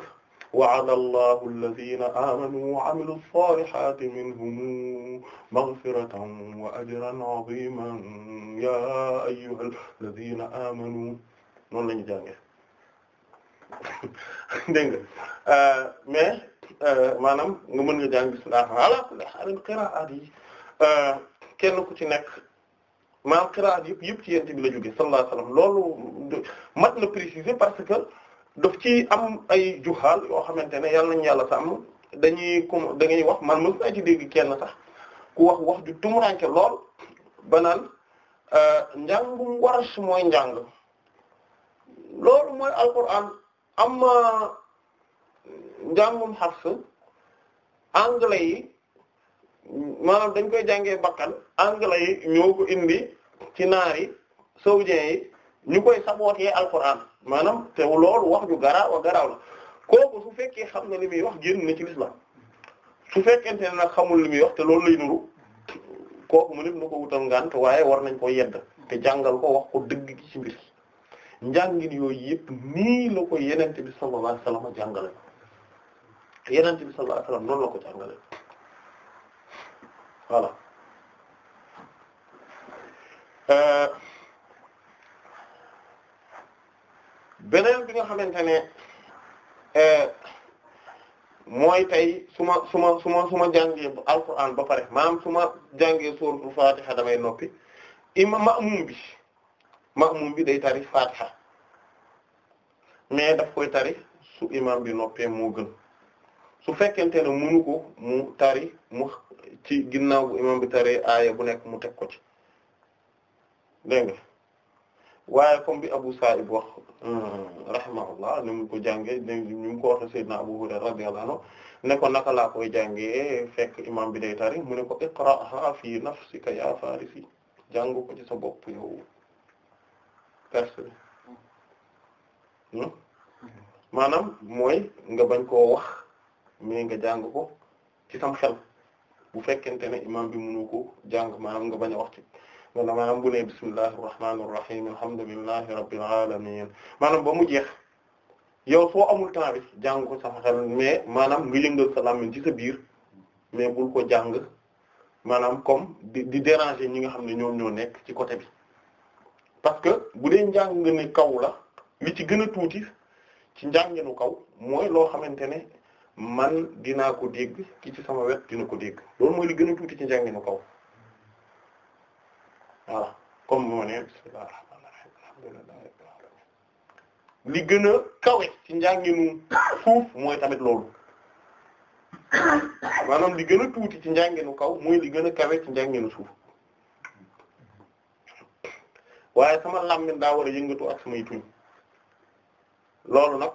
wa'ada allahu alladhina amanu wa 'amilu s-salihati minhum maghfiratan wa ajran 'aziman ya ayyuha noonu la ñu [laughs] dégg nga euh, mais euh, maanaam nga mën nga jàng bismillah ala kulli haal qiraa'at euh, kenn ku ci nekk maanaam qiraa'at yëpp yëpp ci yenn bi la jóge sallallahu alayhi wasallam loolu mat na préciser parce que daf ci am ay juxaal yoo xamante ne yàlla nañ yàlla sàmm dañuy comme da ñuy wax man mën naa ci dégg kenn sax ku wax wax ju tumuranke lool ba naan njàngum waras mooy njàng loolu mooy alquran amma njàngum Hafs anglais yi maanaam dañ koy jànge bakkan anglais yi ñoo indi ci naar yi saoudiens yi ñu koy sabootee alquran maanaam te lool wax ju garaaw a garaaw la kooku su fekkee xam na li muy wax génn na ci l'islam su fekkente ne nag xamul li muy te loolu lay nuru kooku mu nit na ko wutal ngant waaye war nañ ko yedd te jàngal ko wax ko dëgg ci mbir njàngin yooyu yëpp nii la ko yenente bi sallallahu alayhi wasallam jàngale yenente bi sallallahu alayhi wasallam noonu la ko jàngale voilà euh, beneen bi nga xamante ne euh, mooy tey su ma suma suma su ma su ma ba pare maanaam su ma jàngee suuratul Faatiha damay noppi imam ma'mum bi maamum bi day tari fatiha mais daf koy tari su imam bi noppee moo gën su fekkente ne mënu mu tari mu ci ginnaaw bu imam bi tari aaya bu nekk mu teg ko ci dégg nga waaye comme bi Abu Sa'ib wax hmm, rahimahullah ni mu ko jàngee ni mu ko waxee Seydina Abu Hurayra ne ko naka laa koy jàngee fekk imam bi day tari mu ne ko iqra'ha fi nafsika ya farisi jàng ko ci sa bopp yow perte maanaam mooy nga bañ koo wax mais nga jàng ko ci sam xel bu fekkente ne imaam bi mënu ko jàng maanaam nga bañ a wax ci nga maanaam bu ne bismillahir rahmanir rahim alhamdulillahi rabbil alamin maanaam ba mu jeex yow soo amul temps bi jàng ko sam xel mais maanaam nga yëngal sa làmmiñ ci sa biir mais bul ko jàng maanaam comme di di déranger ñi nga xam ne ñoom ñoo nekk ci côté bi parce que bu dee njàng ne kaw la li ci gën a tuuti ci njànginu kaw mooy loo xamante ne man dinaa ko dégg ki ci sama wet dina ko dégg loolu mooy li gën a tuuti ci njànginu kaw voilà comme moo ne gën a kawe ci njànginu suuf mooy tamit loolu maanaam li gën a tuuti ci njànginu kaw mooy li gën a kawe ci njànginu suuf waaye sama làmmiñ daa war a yëngatu ak samay tuñ loolu nag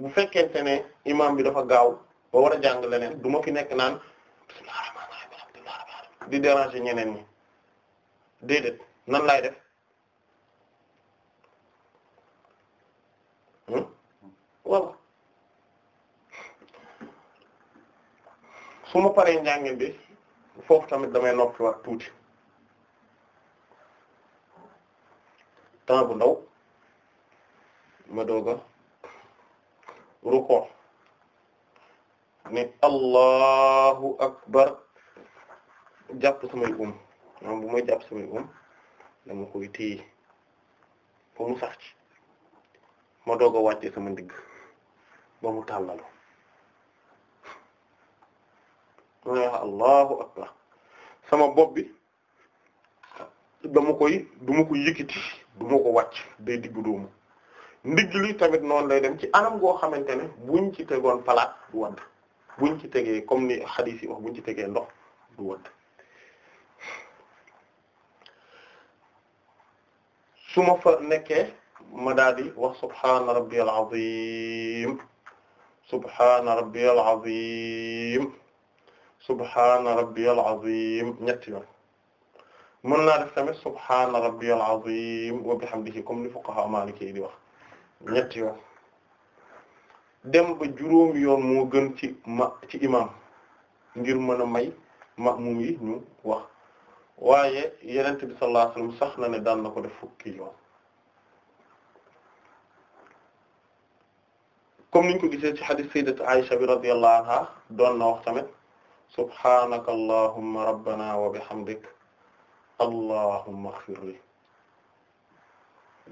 bu fekkente ne imaam bi dafa gaaw ba war a jàng leneen du ma fi nekk naan di déranger ñeneen mi déedéet nan laay def voilà hmm? su ma paree njàngin bi foofu tamit damay noppi wax tuuti temps bu ndaw ma dooga ruko ne allahu akbar jàpp samay um maanaam bu may jàpp samay um koy téye ba mu sax ci ma doog a wàcce sama ndigg ba mu tàllalu ma allahu akbar sama bopp bi dama koy du ko yëkkati duma ko wacc day diggu doomu ndigg li tamit noonu lay dem ci anam goo xamante ne buñ ci tegoon palaat du wadd buñ ci tegee comme ni hadith wax buñ ci tegee ndox du wadd su ma fa nekkee ma daal wax subhaana rabbiyal azim subhaana rabbiyal azim ñetti yoon mën naa def tamit subhaana rabbiyal azim wa bihamdihi comme li fuqaha maliki di wax ñetti yoon dem ba juróom yoon moo gën ci ma imam ngir mën a may maamum yi ñu wax waaye yenent bi sallallahu alayhi sax na ne daan na ko def fukki yoon comme niñ ko gisee ci hadith sayyidat Aisha bi radiyallahu anha doon na wax tamit subhaanaka allahumma rabbana wa bihamdik allahumma ighfirli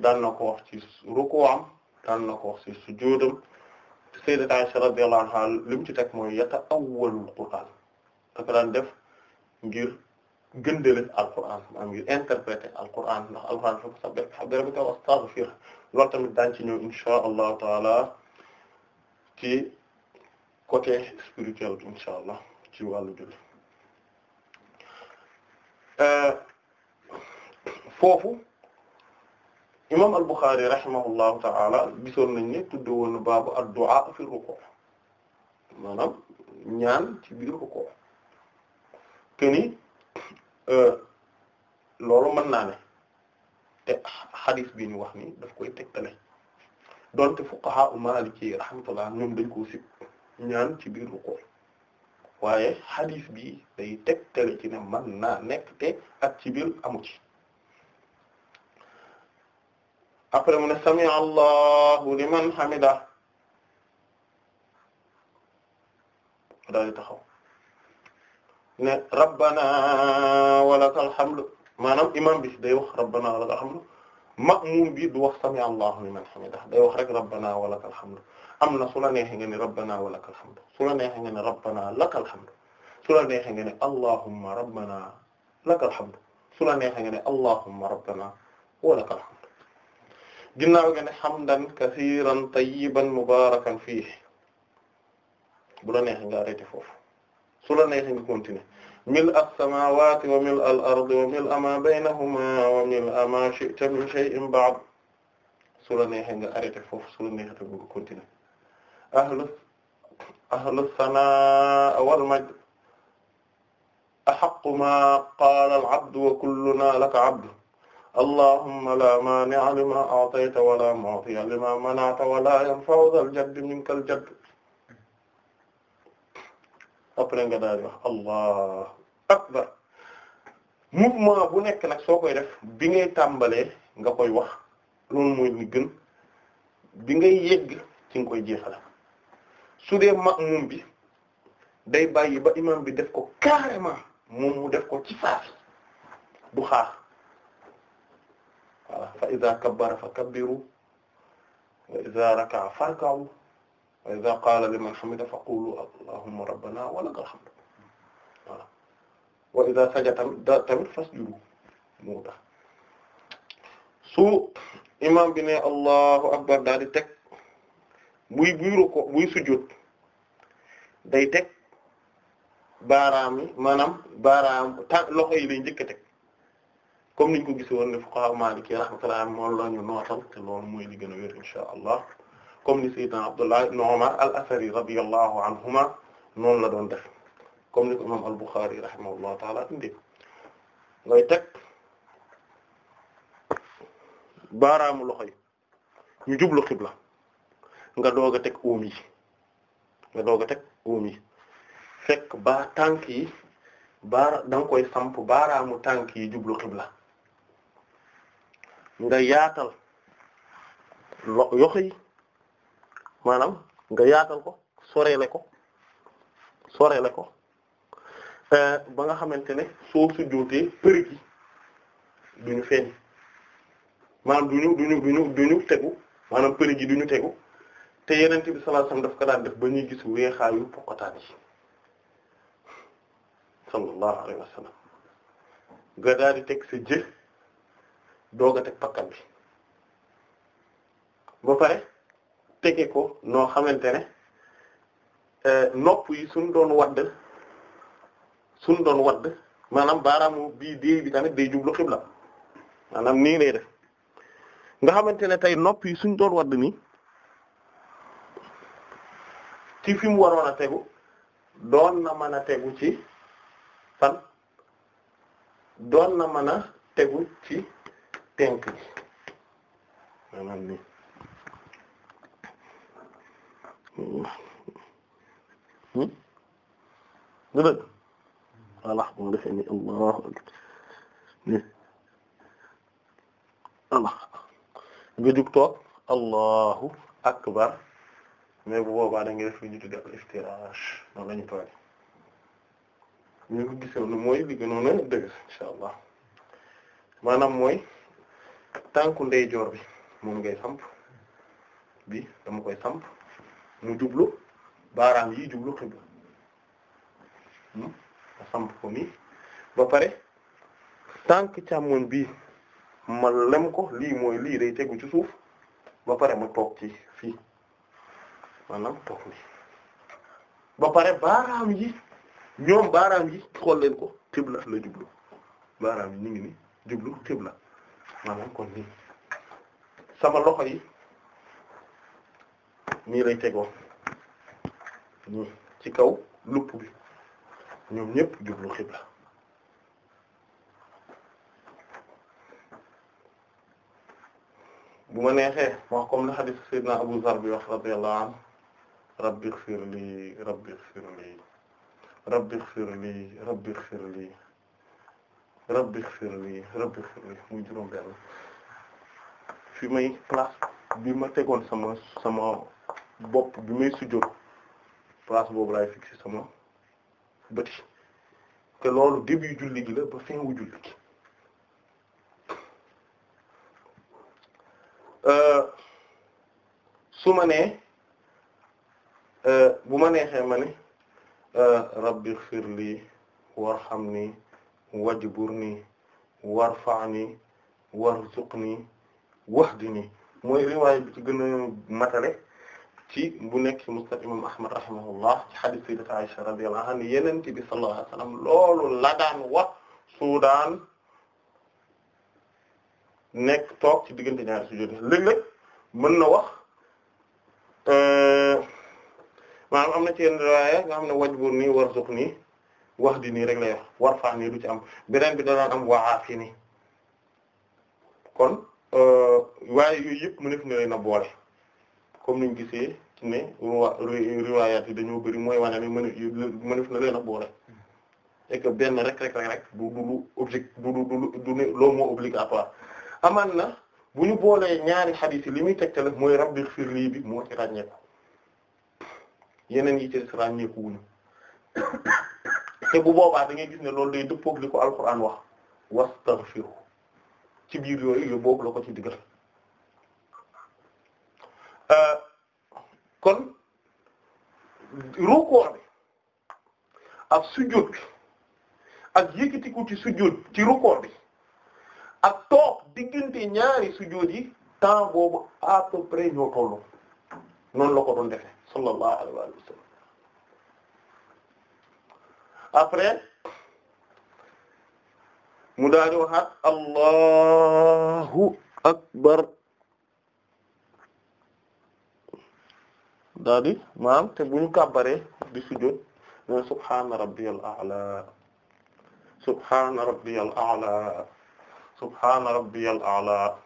daan na ko wax ci rukuwam daan na ko wax ci sujuudam sayyidat Aisha radiyallahu anha li mu ci teg mooy yata'awwalul Qur'an dafa daan def ngir gëndale Alqur'an maanaam ngir interpréter Alqur'an ndax Alqur'an fa sabbih bihamdi rabbika wastaghfir loolu tamit daan ci ñëw insha allahu taala ci côté spirituel bi insha allah ci wàllu julli euh, foofu imam al-Bukhari rahimahullahu ta'ala gisoon nañ ne tudd woon baabu ad-du'a fi ruku' ñaan ci biir ruku' te ni euh, loolu mën naa te xadis bi ñu wax ni daf koy tegtale te fuqaha maliki rahmatullah ñoom dañ koo sib ñaan ci biir ruku' waaye xadis bi day tegtale ci ne mën naa nekk te ak ci biir amu ci après mu ne sami allahu liman hamida daal di taxaw ne rabbana walakal hamdu maanaam imam bi day wax rabbana walakal hamdu ma'mum bi du wax sami allahu liman hamida day wax rek rabbana walakal hamdu am na su la neexee nga ne rabbana walakal hamdu su la neexee nga ne rabbana lakal hamdu su la neexee nga ne allahumma rabbana lakal hamdu su la neexee nga ne allahumma rabbana walakal hamdu ginnaaw ga ne hamdan kasiiran tayyiban mubaarakan fiihi bu la neex nga arrêté foofu su la neex nga continuer mil as-samaawaati wa mil al-ardi wa mil ma baynahumaa wa mil ma shi'ta min shay'in ba'd su la neex nga arrêté foofu su la neex nga bëgg continuer ahlu ahlu sanaa wal majd ahaqqu maa qaala al-'abdu wa kullunaa laka 'abdu allahumma la maani'a lima a'tayta wa la mu'tiya mana'ta wa la yanfa'u dhal jaddi minkal après nga daal wax allah akbar mouvement bu nekk nag soo koy def bi ngay tàmbalee nga koy wax loolu mooy li bi ngay yegg ci koy jeexala su dee ma'mum bi day bàyyi ba imam bi def ko carrément moom mu def ko ci faas du xaar voilà fa iza kabbara fa kabbiru wa iza raka'a farka'u wa iza qaala liman hamida fa qulu allahumma rabbana wa lakal hamd voilà wa iza sajada tamit fasjudu moo tax su imam bi ne allahu akbar daal di teg buy buy ruko buy sujjóot day teg baaraam yi maanaam baaraam ta loxo yi lay njëkk a teg comme niñ ko gis woon ne fuqaha maliki rahmatullah moom la ñu nootal te loolu mooy li gën a wér insha allah comme ni sayyidina Abdullah ibn Umar al-Athari anhuma noonu la doon def comme ni ko imam al-Bukhari rahimahullahu ta'ala indi ngay teg baaraamu loxo yi ñu jublu xibla nga doog a teg yi nga doog a teg óom fekk tànk yi baara baaraamu tànk yi jublu xibla nga yaatal lo yox yi nga yaatal ko sorele ko sorele ko eh, ba nga xamante ne soo sujjootee përi gi duñu feeñ maanaam duñu duñu duñu tegu maanaam përi gi duñu tegu te yeneen bi sallallahu alayhi wasallam daf ko daan def ba ñuy gis weexaayu poqotaan yi sallallahu alayhi wasallam nga daal teg sa jë doog a teg pakkan bi ba pare tege ko noo xamante ne eh, nopp yi suñ doon wadd suñ doon wadd maanaam baaraamu bii déy bi tamit day jublu xibla maanaam nii lay nga xamante ne tey nopp yi suñ doon wadd nii ci fi mu waroon a tegu doon na mën a tegu ci fan doon na mën a tegu ci tenk gi maanaam ni du hmm? dëgg voilà moom defee ni allah ni allah nga jug toog allahu akbar mais bu boobaa da nga def li ñu tudde al iftiraash noonu la ñu tooge ñu ko gisoon mooy li gënoon a dëgg insha allah maanaam mooy tànku ndeyjoor bi moom ngay samp bi dama koy samp mu jublu baaraam yi jublu xibla hmm? ma samp ko nii ba pare tànk càmmoñ bi ma lem ko lii mooy lii day tegu ci suuf ba pare ma toog ci fii maanaam toog nii ba pare baaraam yi ñoom baaraam yi xool leen ko xibla la jublu baaraam yi ñu ni jublu xibla maanaam kon nii sama loxo yi nii lay tegoo nii ci kaw lupp bi ñoom ñépp jublu xibla bu ma neexee wax comme le hadith sayyidina Abu Zar bi wax radiyallahu anhu rabbighfir li rabbighfir li rabbighfir li rabbighfir li rabbi xfirli rabbi xfirli muy juróom benn fi may place bi ma tegoon sama sama bopp bi may sujjóot place boobu laay fixé sama bëti te loolu début julli gi la ba fin wu julli gi euh, su ma nee euh, bu ma neexee ma ne euh, rabbi xfirli warhamni wajburni warfa'ni warzuqni wahdini mooy riwaay bi ci gën a matale ci bu nekk ci musnad imam ahmad rahimahullah ci hadith sayyidat Aisha radiyallahu anha ne yenent bi sallallahu alayhi wasallam loolu la daan wax su daan nekk toog ci diggante ñaari sujjóot léeg-léeg mën na wax euh, maanaam am na ci yenn riwaaya nga xam ne wajburni warzuqni wax di nii rek lay wax war faa nii du ci am beneen bi danaan am waa aafi ni kon euh, waaye yi yëpp mu nekk na leen a boole comme niñ gisee ne riwaayaat yi dañoo bëri mooy wane ne mënef na leen a boole et benn rek rek rek du du lu oblig du du du du loo moo obligatoire amaan na bu ñu boolee ñaari xadiis yi li muy tegtale mooy rab xfir lii bi moo ci ràññeeku yeneen yi ci ràññeeku wuñu te bu boobaa da ngay gis ne loolu day dëppoog li ko wa wax wastaghfiru ci biir yooyu yo boobu la ko ci digal euh, kon rukkoo bi ak sujjóot bi ak yëkkatiku ci sujjóot ci rukkoo ak toog diggante ñaari sujjóot yi temps boobu à peu ñoo tollu noonu la ko doon defe sallallahu alayhi wa sallam après mu daal di waxaat allahu akbar daal maam te bu ñu kàbbaree di sujjóot ne subhaana rabbiyal a'la subhaana rabbiyal a'la subhaana rabbiyal a'la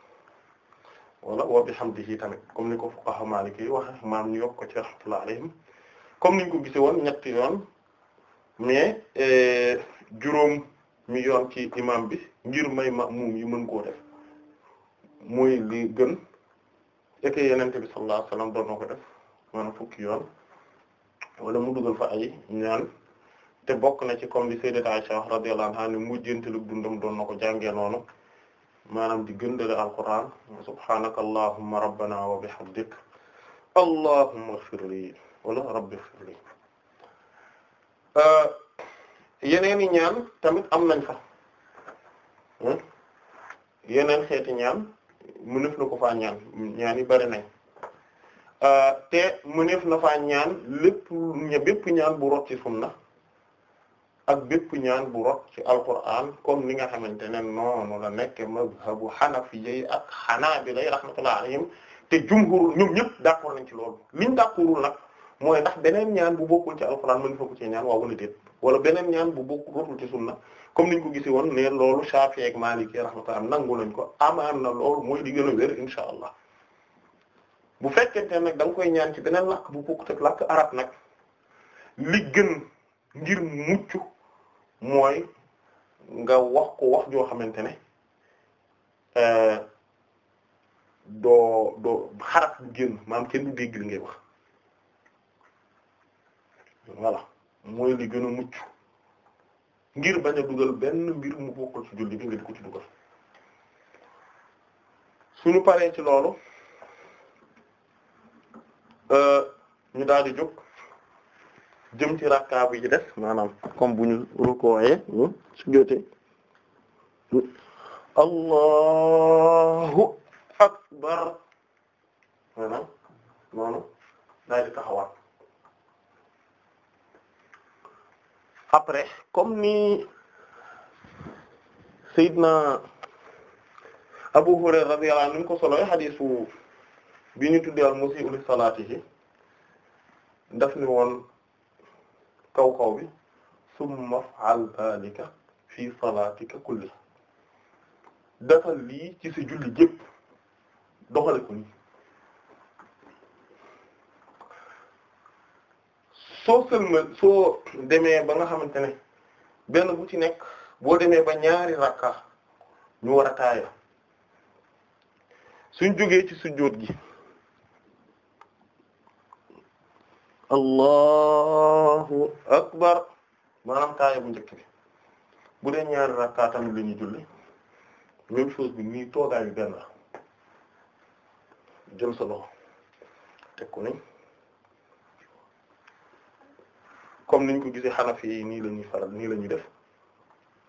wala wa bihamdihi tamit comme ni ko fuqaha maliki waxe maam ñu yokk ko ci rahmatullah alayhim comme niñ ko gise woon ñetti yoon mais euh, juróom mi yoon ci imam bi ngir may mamuum yi mën koo def muy li gën et yenente bi sallallahu alayhi wasallam doon na ko def maanaam fukki yoon wala mu dugal fa ay ñaan te bokk na ci comme li sayyidat Aisha radiyallahu anha ni mujjantelu dundam doon na ko jàngee noonu maanaam di gëndale alquran subhanaka allahumma rabbana wa bihamdik allahumma ighfir wala rabbi ighfir Euh, yeneeni ñaan tamit am nañ fa hmm? yeneen xeeti ñaan mëneef na ko faa ñaan ñaan bari nañ euh, te mëneef na faa ñaan lépp ña ñaan bu rot ci sunna ak bépp ñaan bu rot ci alquran comme ni nga xamante ne noonu la nekk mazhabu hanafiyyi ak hanaabila rahmatullah alayhim te jumhur ñoom ñëpp d'accord nañ ci loolu liñ d'accordul nag mooy ndax beneen ñaan bu bokkul ci alxuraan mën fa ko ci ñaan waaw wala déet wala beneen ñaan bu bokkul rotul ci sunna comme niñ ko gisi woon ne loolu Shafi'i ak Maliki rahmatullah nangu nañ ko amaan na loolu mooy di gën a wér insha allah fekkente nag da koy ñaan ci beneen làkk bu bokkut ak làkk arab nag li gën ngir mucc mooy nga wax ko wax joo xamante ne euh, doo doo xaraf bu génn maam kenn du dégg li ngay wax voilà mooy li gën mucc ngir bañ a dugal benn mbir mu bokkul ci julli bi nga dugal suñu paree ci loolu euh, ñu daal di jóg jëm ci rakka bi ci des maanaam comme bu ñu rukkooyee su jotee allahu akbar maanaam noonu daal di taxawaat après comme ni Seydina Abu Hurayra radiyallahu anhu ni ko soloy xadiisu bi ñu tuddee al musii'u li salaatihi daf ni woon kaw kaw bi summa fa'al dhalika fi salaatika kulli defal lii ci sa julli jëpp doxale ko nii soo sëlmal soo demee ba nga xamante ne benn bu ci nekk boo demee ba ñaari rakka ñu war a taaya suñ jógee ci sujjóot gi allahu akbar maanaam taaya bu njëkk bi bu dee ñaari rakka tamit la ñuy julli même chose bi nii toogaay benn la jël sa loxo comme niñ ko gisee Hanafi yi nii la ñuy faral nii la ñuy def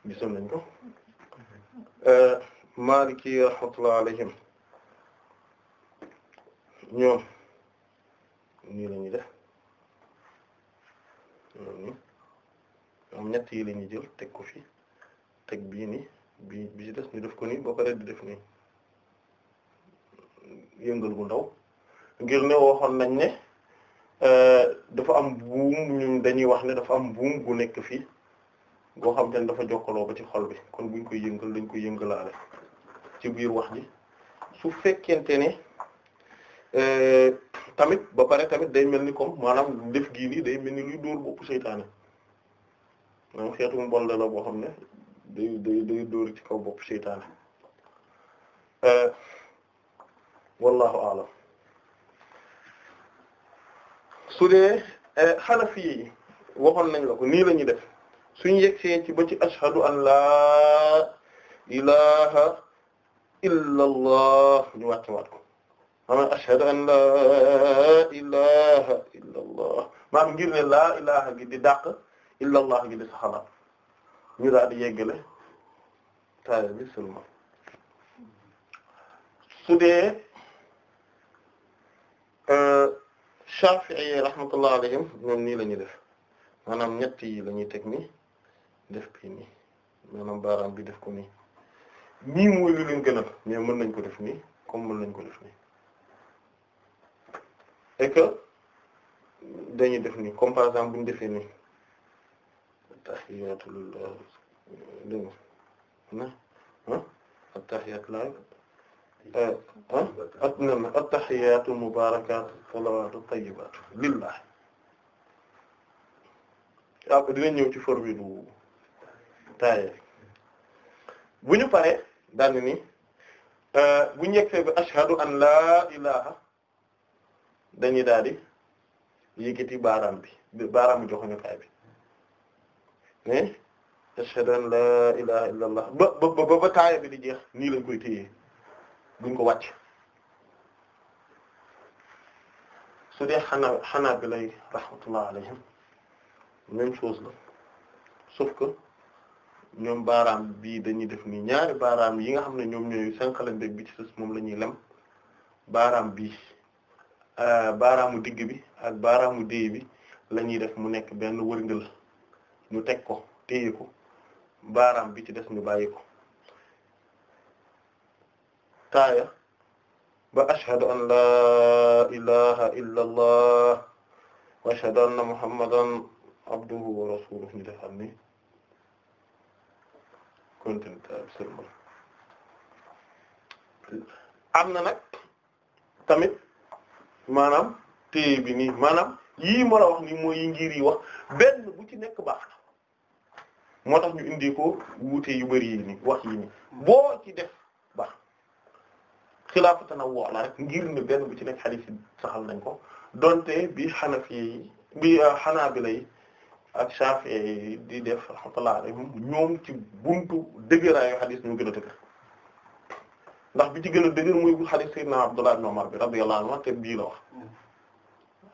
gisoon nañ ko euh, Maliki rahmatullah ñoom nii la ñuy def ñoom ñett yi la jël teg ko fi teg bii ni bii bi ci ñu def ko nii boo ko di def nii yëngal bu ndaw ngir ne nañ ne Euh, dafa am buum dañuy wax ne dafa am buum gu nekk fii boo xam te dafa jokkaloo ba ci xol bi kon buñ koy yëngal dañ koy yëngalaale ci biir wax ji su fekkente ne euh, tamit ba pare tamit day mel ni comme maanaam def gii day mel ni luy dóor bopp seytaane maanaam xeetu mbol la boo xam ne day day ci kaw bopp seytaane euh, wallahu a'lam su dee xanafi eh, yi waxoon nañ la ko nii la def suñu yegsee ci ba ci ashhadu an laa ilaha illa allah ñu wàcc waat ko maanaam an laa ilaha illa allah ngir ne laa ilaha gi di dàq illa allah ñu daal yeggale taaya bi seulement Shafi'i rahmatullah alayhim ñoom nii la ñuy def maanaam ñett yi la ñuy nii def kii nii maanaam baaraam bi def ko nii nii mu lu leen gënal mais mën nañ ko def nii comme mën nañ ko def ni et que dañuy def nii comme par exemple bu ñu defee nii tahiyatul dégg nga ah, ah tahiyatul ak nan at-tahiyyatu mubarakatu salawatu tayyibatu lillah waaw dina ñëw ci for bi du taaye bu ñu paree daal ni euh, bu ñu yegsee bi ashhadu an laa ilaha dañuy daal di yëkkati baaraam bi baaraam bi joxuñu kaay bi mais ashhadu an laa ilaha illallah ba ba ba taaye bi di jeex nii lañ koy téyee duñ ko wàcc su dee xanaa bi lay rahmatullah alayhim même chose ñoom baaraam bii dañuy def ni ñaari baaraam yi nga xam ne ñoom ñooy sànqalante bi ci sës moom lañuy ñuy lem baaraam bii euh, baaraamu digg bi ak baaraamu déy bi lañuy def mu nekk benn wërngël ñu teg ko téye ko baaraam bi ci des ñu bàyyi ko taaya ba ashhadu an laa ilaha illa wa ashhadu anna muhammadan abduhu am na tamit maanaam téye bi nii maanaam yii ma la wax ni mooy yi ngir yi wax benn bu ci nekk baax moo tax ñu indi ko wuute yu bari wax yi nii boo ci def xilaafu tanawwu la rek ngir ne benn bu ci nekk xadiis saxal nañ ko donte bi xana yi bi euh, xanaabila yi ak Shafi'i di def rahmatullah alayhim ñoom ci buntu dëgëraayu xadiis ñu gën a dëgër ndax bi ci gën a mu muy bu xadiis Seydina Abdullah ibn Umar bi radiyallahu anhu te bii la wax mm.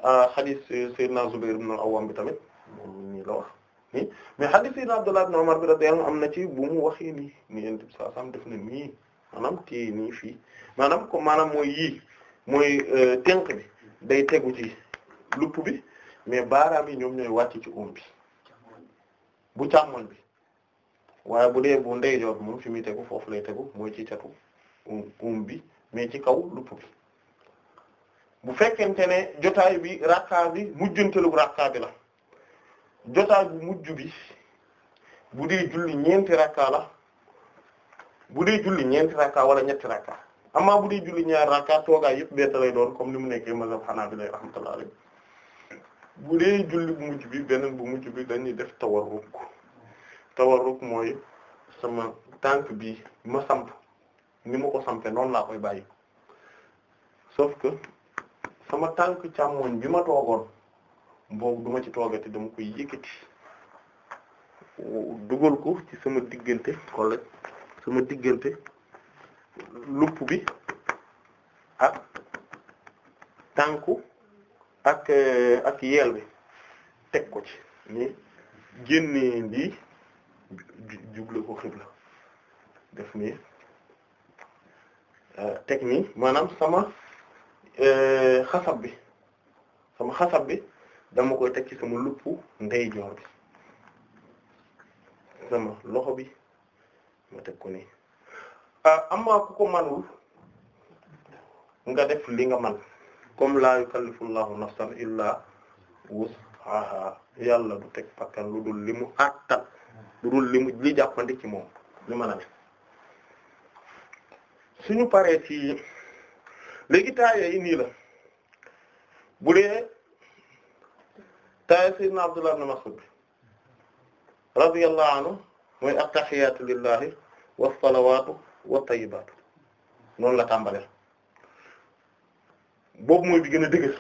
euh, xadiis euh, Seydina bi tamit moom nii la wax nii mais xadiis am na ci bu mu waxee nii ni yéen tamit saa sam def na nii. maanaam téye nii fii maanaam ko maanaam mooy yii mooy euh, tenq bi day tegu ci lupp bi mais baaraam yi ñoom ñooy wàcc ci um bi bu càmmoñ bi waaye bu dee bu ndeyjoor bi moom fi muy tegu foofu lay tegu mooy ci catu um bi mais ci kaw lupp bi bu fekkente ne jotaay bi rakka bi mujjantelu rakka bi la jotaay bu mujj bi bu dee julli ñeenti rakka bu dee julli ñeenti rakka wala ñetti rakka amaa bu dee doon comme ni mu nekkee mazhab Hanbali rahmatullahi alayhi bu dee julli bu mujj bi beneen bu mujj bi dañuy def tawarruk tawarruk mooy sama tànk bi ma samp ni ma ko sampe noonu laa koy bàyyi sauf que sama tànk càmmoñ bi ma toogoon boobu duma ci toogati dama koy yëkkati dugal ko ci sama diggante collègue sama diggante lupp bi ak tànku ak eh, ak yeel bi teg ko ci ni génnee lii juble ko xibla def nii eh, teg nii maanaam sama eh, xasab bi sama xasab bi dama koy teg ci sama lupp ndeyjoor bi sama loxo bi ma teg ko ni amma ah, ku ko manul nga def li nga man comme la yukallifu llahu nafsan illa wus'aha yàlla du teg pakkan lu dul limu mu attal lu dul li mu li ci moom li mën a ne suñu paree ci léegi taaya yi nii la bu dee taaya Abdullah ibn Mas'ud radiyallahu anhu mooy attahiyaatu lillahi wassalawaatu wattayibaatu noonu la tàmbalee boobu mooy bi gën a dëgër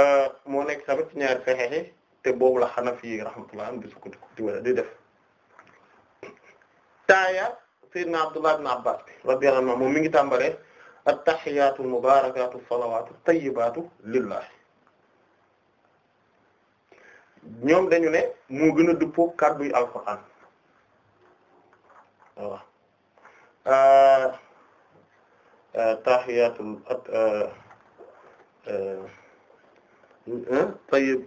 ah, moo nekk tamit ci ñaari fexe te boobu la Hanafi rahmatullah am di sukkandiku di wala di def taaya sayyidina Abdullah ibn Abbas bi radiyallahu anhu moom mi ngi tàmbalee attahiyaatu mubaarakaatu salawaatu tayyibaatu lillahi ñoom dañu ne moo gën a dëppoo kàdduy alxuraan waaw euh, euh, tahiyatul euh, tayyib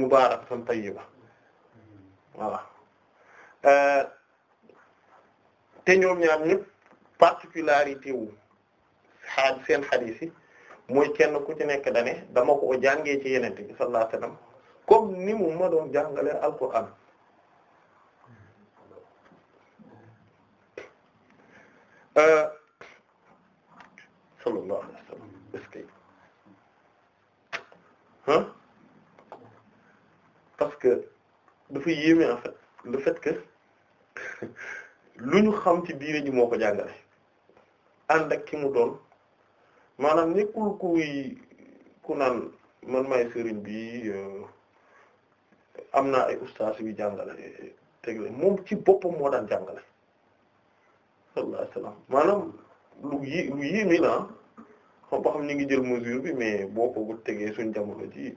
mubarakatan tayyiba voilà te ñoom ñaar ñëpp particularité xaar seen xadiis mooy kenn ku ci nekk dane dama ko jàngee ci yeneen bi sallallahu ni mu ma doon jàngalee alquran euh, sallallahu alayhi que ah parce que dafa yéeme en fait le fait que lu ñu xam ci diine ji moo ko jàngale ànd ak ki mu doon maanaam nekkul kuy ku naan man maay sëriñ bi euh, am na ay ustaas yu jàngale tegle moom ci boppam moo daan jàngale sallallahu alayhi wasallam maanaam lu yi lu yii mi la xam ba xam ñu ngi jël mesure bi mais boo ko tegee suñ jamono ji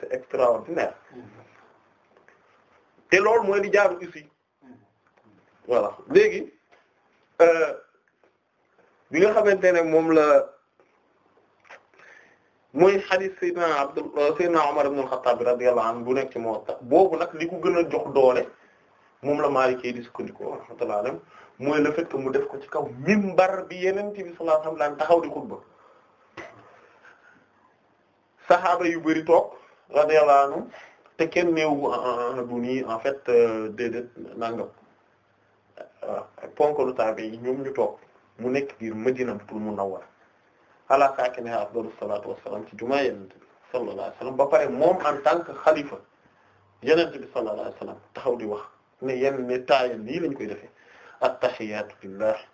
c'est extraordinaire te loolu mooy di jaaru ici voilà léegi euh, bi nga xamante ne moom la mooy xadis Seydina Abdul Seydina Umar ibn al-Khattab radiyallahu bu nekk ci Muwatta boobu nag li ko gën a jox doole moom la Maliki di sukkandiku rahmatullahi alayhi mooy le fait que mu def ko ci kaw minbar bi Yonent bi sallallahu alayhi wa sallam taxaw di xutba saxaaba yu bari toog radiyallahu anhu te kenn néewu bu ah, ah, ah, nii en fait euh, déedéet nangam waaw ponk lu taabe yi ñoom ñu toog mu nekk biir mu Munawwara ala saakinihaa afdalu salaatu wassalaam ci jumaa Yonent bi sallallahu alayhi wasallam ba pare moom en tant que xalifa Yonent bi sallallahu alayhi wasallam taxaw di wax ne yenn ne taaya lii lañ koy defee attahiyaatu lillahi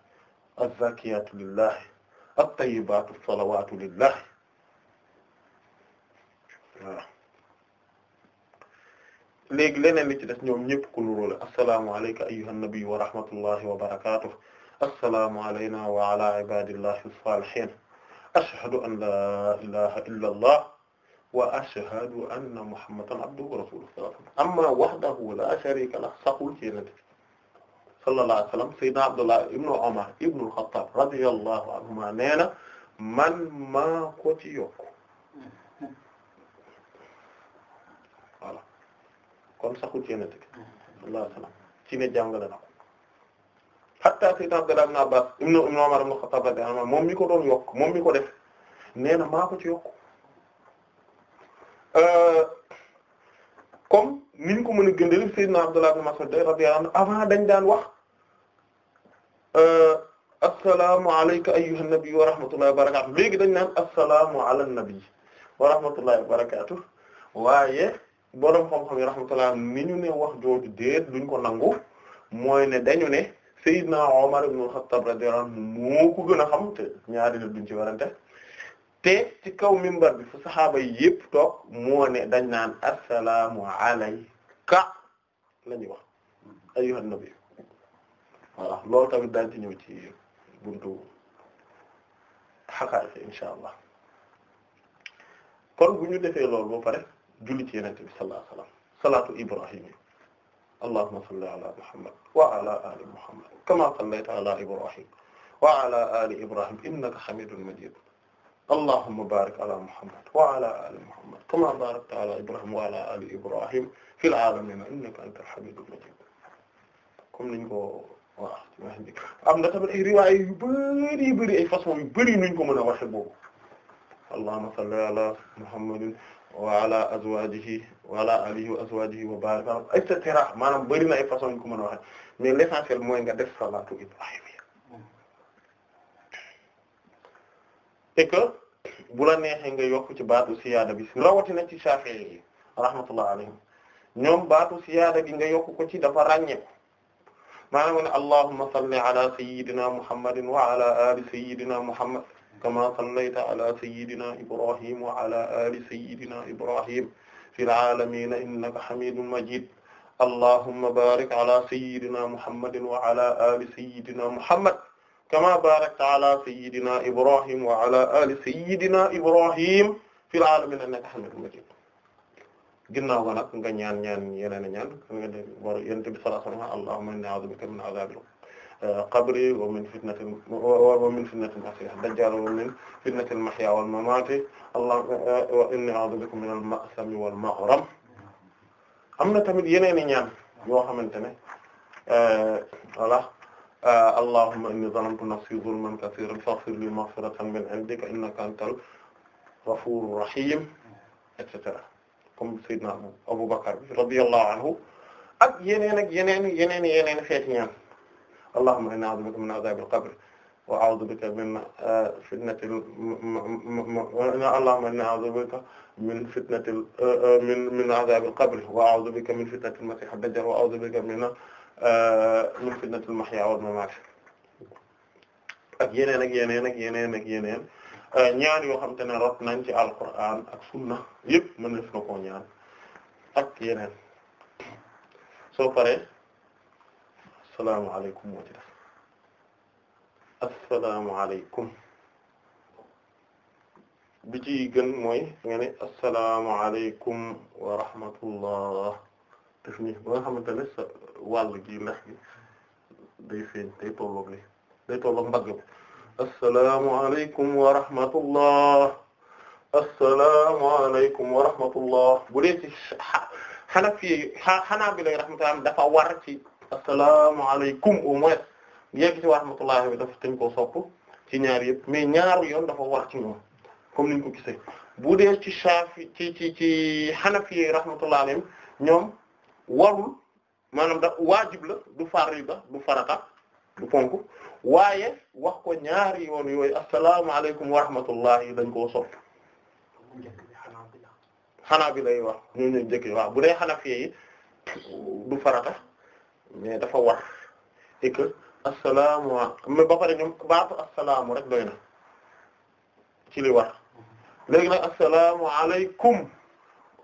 azzakiyaatu lillahi attayibaatu salawaatu lillahi voilà léegi leneen li ci des ñoom ñëpp ku nuróole assalaamu alayka ayyuhan nabiyyu wa rahmatullahi wa barakaatuh assalaamu alaynaa wa alaa ibaadillahi saalihiin ashhadu an la ilaha illa allah wa ashhadu anna muhammadan abduhu wa rasuluhu amma wahdahu la sharika lahu saqul ci yonent bi sallallahu alayhi wa sallam sayyidina abdullah ibnu umar ibnu al-khattab radiyallahu anhuma nee na man maa ko ci yokk voilà kon saqul ci yonent bi sallallahu alayhi wa sallam ci ne jàngale na ko hatta sayyid Abdullah ibn Abbas moom mi ko doon yokk moom mi ko def nee na maa ko ci yokk euh, comme niñ ko mën a gëndal sayyidna Abdullah ibn Mas'ud radiyallahu anhu avant dañ daan wax euh, assalaamu alayka ayyuhan nabi wa rahmatullahi wa barakatuh léegi dañ naan assalaamu ala nabi wa rahmatullahi wa barakatuh waaye boroom xam-xam yi rahmatullah ni ñu ne wax jooju déet duñ ko nangu mooy ne dañu ne Seydina Omar ibn al-Khattab radiyallahu anhu moo gën a xam te ñaari la duñ ci warante te ci kaw mimbar bi fu saxaaba yi yëpp mu moo dañ naan assalaamu alayka la ñuy wax ayyuhan nabi voilà loolu tamit daañu ci ñëw ci buntu xakaar insha allah kon bu ñu defee loolu ba pare julli ci yenente bi salaatu Ibrahim yi allahumma salli ala muhammad wa ala ali muhammad kama sallayta ala ibrahim wa ala ali ibrahim innaka hamidun majid allahumma barik ala muhammad wa ala ali muhammad kama barakta ala ibrahim wa ala ali ibrahim fil alamina innaka antal hamidul majid comme niñ ko waaw am na tamit ay riwaay yu bëri yu bëri ay façon yu bëri nuñ ko mën a waxe boobu allahumma salli ala muhammadin wa ala azwajihi wa ala alihi wa azwajihi wa barik et cetera maanaam bëri na ay façon yu ko mën a waxe mais l'essentiel mooy nga def salaatu ibrahimiyya et que bu la nga yokk ci baatu siyaada bi rawatina ci Shafi'i yi rahmatullah alayhim ñoom baatu siyaada gi nga yokk ko ci dafa ràññeeku maanaam ne allahumma salli ala sayyidina muhammadin wa ala ali sayyidina muhammad kama sallayta ala sayyidina ibrahim wa ala ali sayyidina ibrahim fil alamin innaka hamidum majid allahumma barik ala sayyidina muhammadin wa ala ali sayyidina muhammad kama barakta ala sayyidina ibrahim wa ala ali sayyidina ibrahim fil alamin innaka hamidum majid ginnaaw ba nag nga ñaan ñaan yeneen ñaan nga ne war yonent bi sallallahu alayhi wa sallam allahumma inni a'udhu bika min adhabil qabri wa min fitnati wa min fitnati al-masiih ad-dajjaal wa min fitnati al-mahyaa wal-mamaati allahumma wa inni a'uuzu bika min al-ma'sami wal-maghrami am na tamit yeneeni ñaan yoo xamante ne eh, voilà eh, allahumma inni zalamtu nafsi zulman kasiiran faghfir li maghfiratan min 'indika innaka antal ghafuurur rahiim et cetera comme Seydina Abou Bakr radiyallahu anhu ak yeneen ak yeneen yeneen yeneen xeeti ñaan. allahumma inna a'udhu bika min 'adhabil qabr wa a'udhu bika min fitnatil allahumma inna a'udhu bika min fitnatil min min 'adhabil qabr wa a'udhu bika min fitnatil masih ad-dajjal wa a'udhu bika min min fitnatil mahya wal mamat ak yeneen ak yeneen ak yeneen ak yeneen ñaan yoo xam te ne rot nañ ci alquran ak sunna yëpp mën na fi na koo ñaan ak yeneen soo paree asalaamaaleykum moo ci def asalaamaaleykum bi ci gën mooy nga ne asalaamaaleykum wa rahmatullah def ni ba nga xamante ne sa wàll gi ndax gi day feeñ day tolloog li day tolloog mbagg bi asalaamaaleykum wa rahmatullah asalaamaaleykum wa rahmatullah bu dee ci xanafi xanaa bi lay rahmatullah dafa war ci asalaamaaleykum au moins yegg ci wa rahmatullah bi dafa dañ koo sopp ci ñaar yëpp mais ñaaru yoon dafa war ci ñoom comme niñ ko gisee bu dee ci Shafi ci ci ci Hanafi rahmatullah alayhim ñoom warul maanaam da waajib la du farida du farata du ponk waaye wax ko ñaari yoon yooyu asalaamaaleykum wa rahmatullah yi dañ koo sopp xanaa bi lay wax ñoo ñooy njëkk waaw bu dee Hanafi yi du farata mais dafa war et que assalaamu mais ba pare ñoom baatu assalaamu rek doy na ci li war léegi nag assalaamu alaykum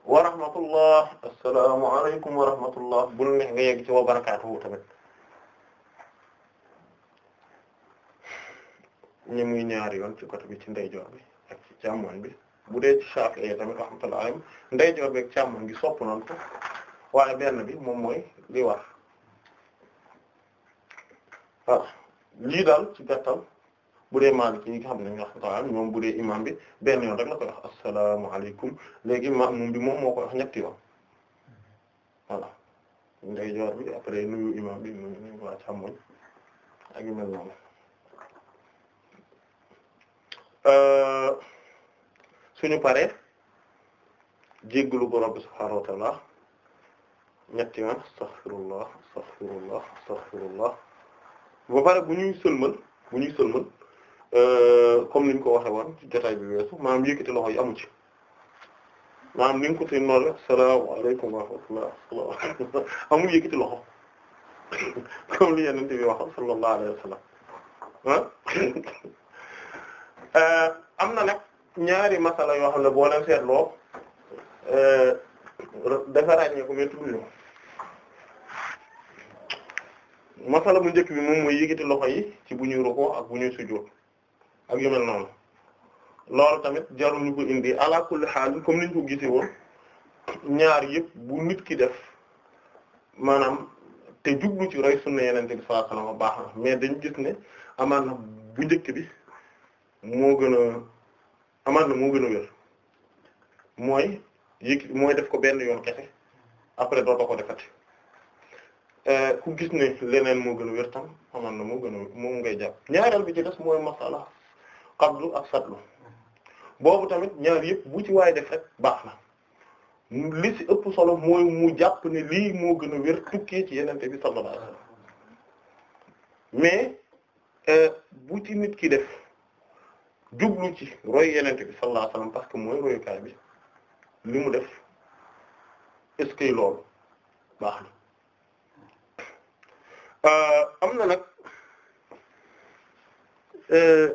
wa rahmatullah assalaamu alaykum bu neex nga yegg ci wa barakaatuhu tamit ñi muy ñaari yoon ci côté bi ci ndeyjoor bi ak ci càmmoñ bi bu dee ci Shafi'i tamit rahmatullah alayhi ndeyjoor bi ak càmmoñ gi sopp noonu waaye benn bi moom mooy li war Ah, lii daal ci gàttal bu dee Maalik yi nga xam ne ñu wax moom bu imaam bi benn yoon rek la koy wax asalaamaaleykum léegi maamum bi moom moo koy wax ñetti yoon voilà ndey joor bi après nuyu imaam bi nuyu nuyu waa càmmoñ ak yu mel noonu euh, suñu paree jéggalu borom bi subhaanahu wa ta'aala ñetti yoon astaghfirullah astaghfirullah astaghfirullah ba pare bu ñuy sëlmal bu ñuy sëlmal euh, comme ni ko waxee woon ci jotaay bi weesu maanaam yëkkati loxo yi amu ci maanaam ni nga ko tey noonu la salaamaaleykum wa rahmatullah [laughs] amul yëkkati loxo [laughs] comme li Yonent bi wax sallallahu alayhi wa sallam [laughs] euh, am na nag ñaari matala yoo xam ne boo leen seetloo euh, dafa ràññee ko mais tudd ñu masala bu njëkk bi moom mooy yëkkati loxo yi ci bu ñuy rukkoo ak bu ñuy sujjóot ak yu noonu loolu tamit jarul ñu ko indi ala kulli xaal comme niñ ko gisee woon ñaar yëpp bu nit ki def maanaam te jublu ci roy sunna yenente bi sallallahu alayhi wasallam baax na mais dañ gis ne amaan na bu njëkk bi moo gën a amaan na moo gën a wér mooy yëg mooy def ko benn yoon kese après doo ko defati Euh, ku gis ne leneen moo gën a wér tam na moo gën a moom ngay jàpp ñaareel bi ci des mooy masala qablu ak satlu boobu tamit ñaar yëpp bu ci waay def rek baax na li ci ëpp solo mooy mu jàpp ne lii moo gën a wér tukkee ci yenente bi sallallahu alayhi mais euh, bu ci nit ki def jublu ci roy yenente bi sallallahu alayhi parce que mooy royukaay bi li mu def est-ce que loolu baax na Euh, am na nag euh,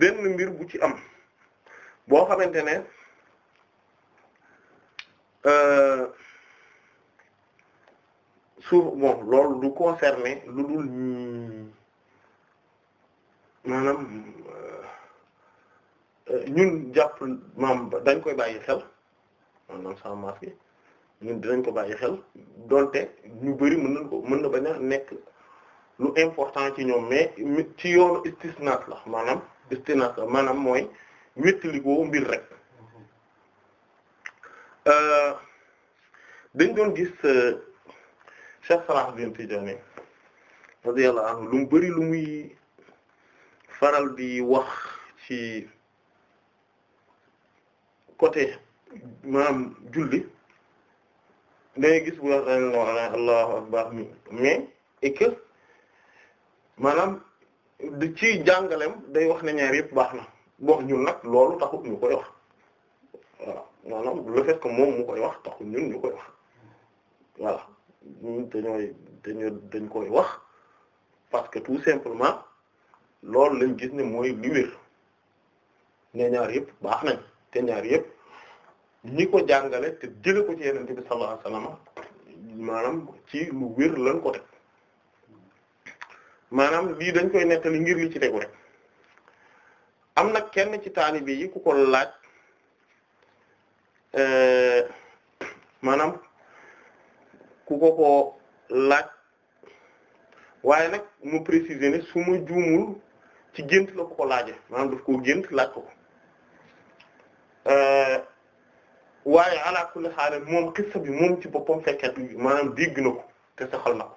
benn mbir bu ci am boo xamante ne euh, suuf bon loolu du concerné lu dul maanaam ñun jàpp maam dañ koy bàyyi xel maanaam sans masque ñun dinañ ko bàyyi xel donte ñu bari mën nañ ko mën na bañ a nekk lu important ci ñoom mais ci yoonu istisnaat la maanaam istisnaat la maanaam mooy wéttalikoo mbir rek mhm. euh, dañ doon gis euh, Cheikh Salah Din Tidjânî radiyallahu anhu lu mu bari lu muy faral di wax ci côté maanaam julli dangay gis bu la allahu akbar mi mais et que maanaam ci jàngalem day wax ne ñaar yëpp baax na boo ñun nag loolu taxut ñu koy wax voilà le fait que moom mu koy wax taxut ñun ñu koy wax voilà ñun dañooy dañoo dañ koy wax parce que tout simplement loolu lañ gis ne mooy li ne ñaar yëpp baax nañ te ñaar yëpp ñi ko jàngale te jële ko ci yenente bi sallallahu alayhi maanaam ci lu wér lañ ko teg maanaam lii dañ koy nettali ngir li ci tegu rek am nag kenn ci taalibe yi ku ko laaj euh, maanaam ku ko ko laaj waaye nag mu préciser ne su ma juumul ci gént la ko ko laaje maanaam daf koo gént laaj ko ko euh, waaye ala kulli xaal moom xissa bi moom ci boppam fekkee maanaam dégg na ko te saxal na ko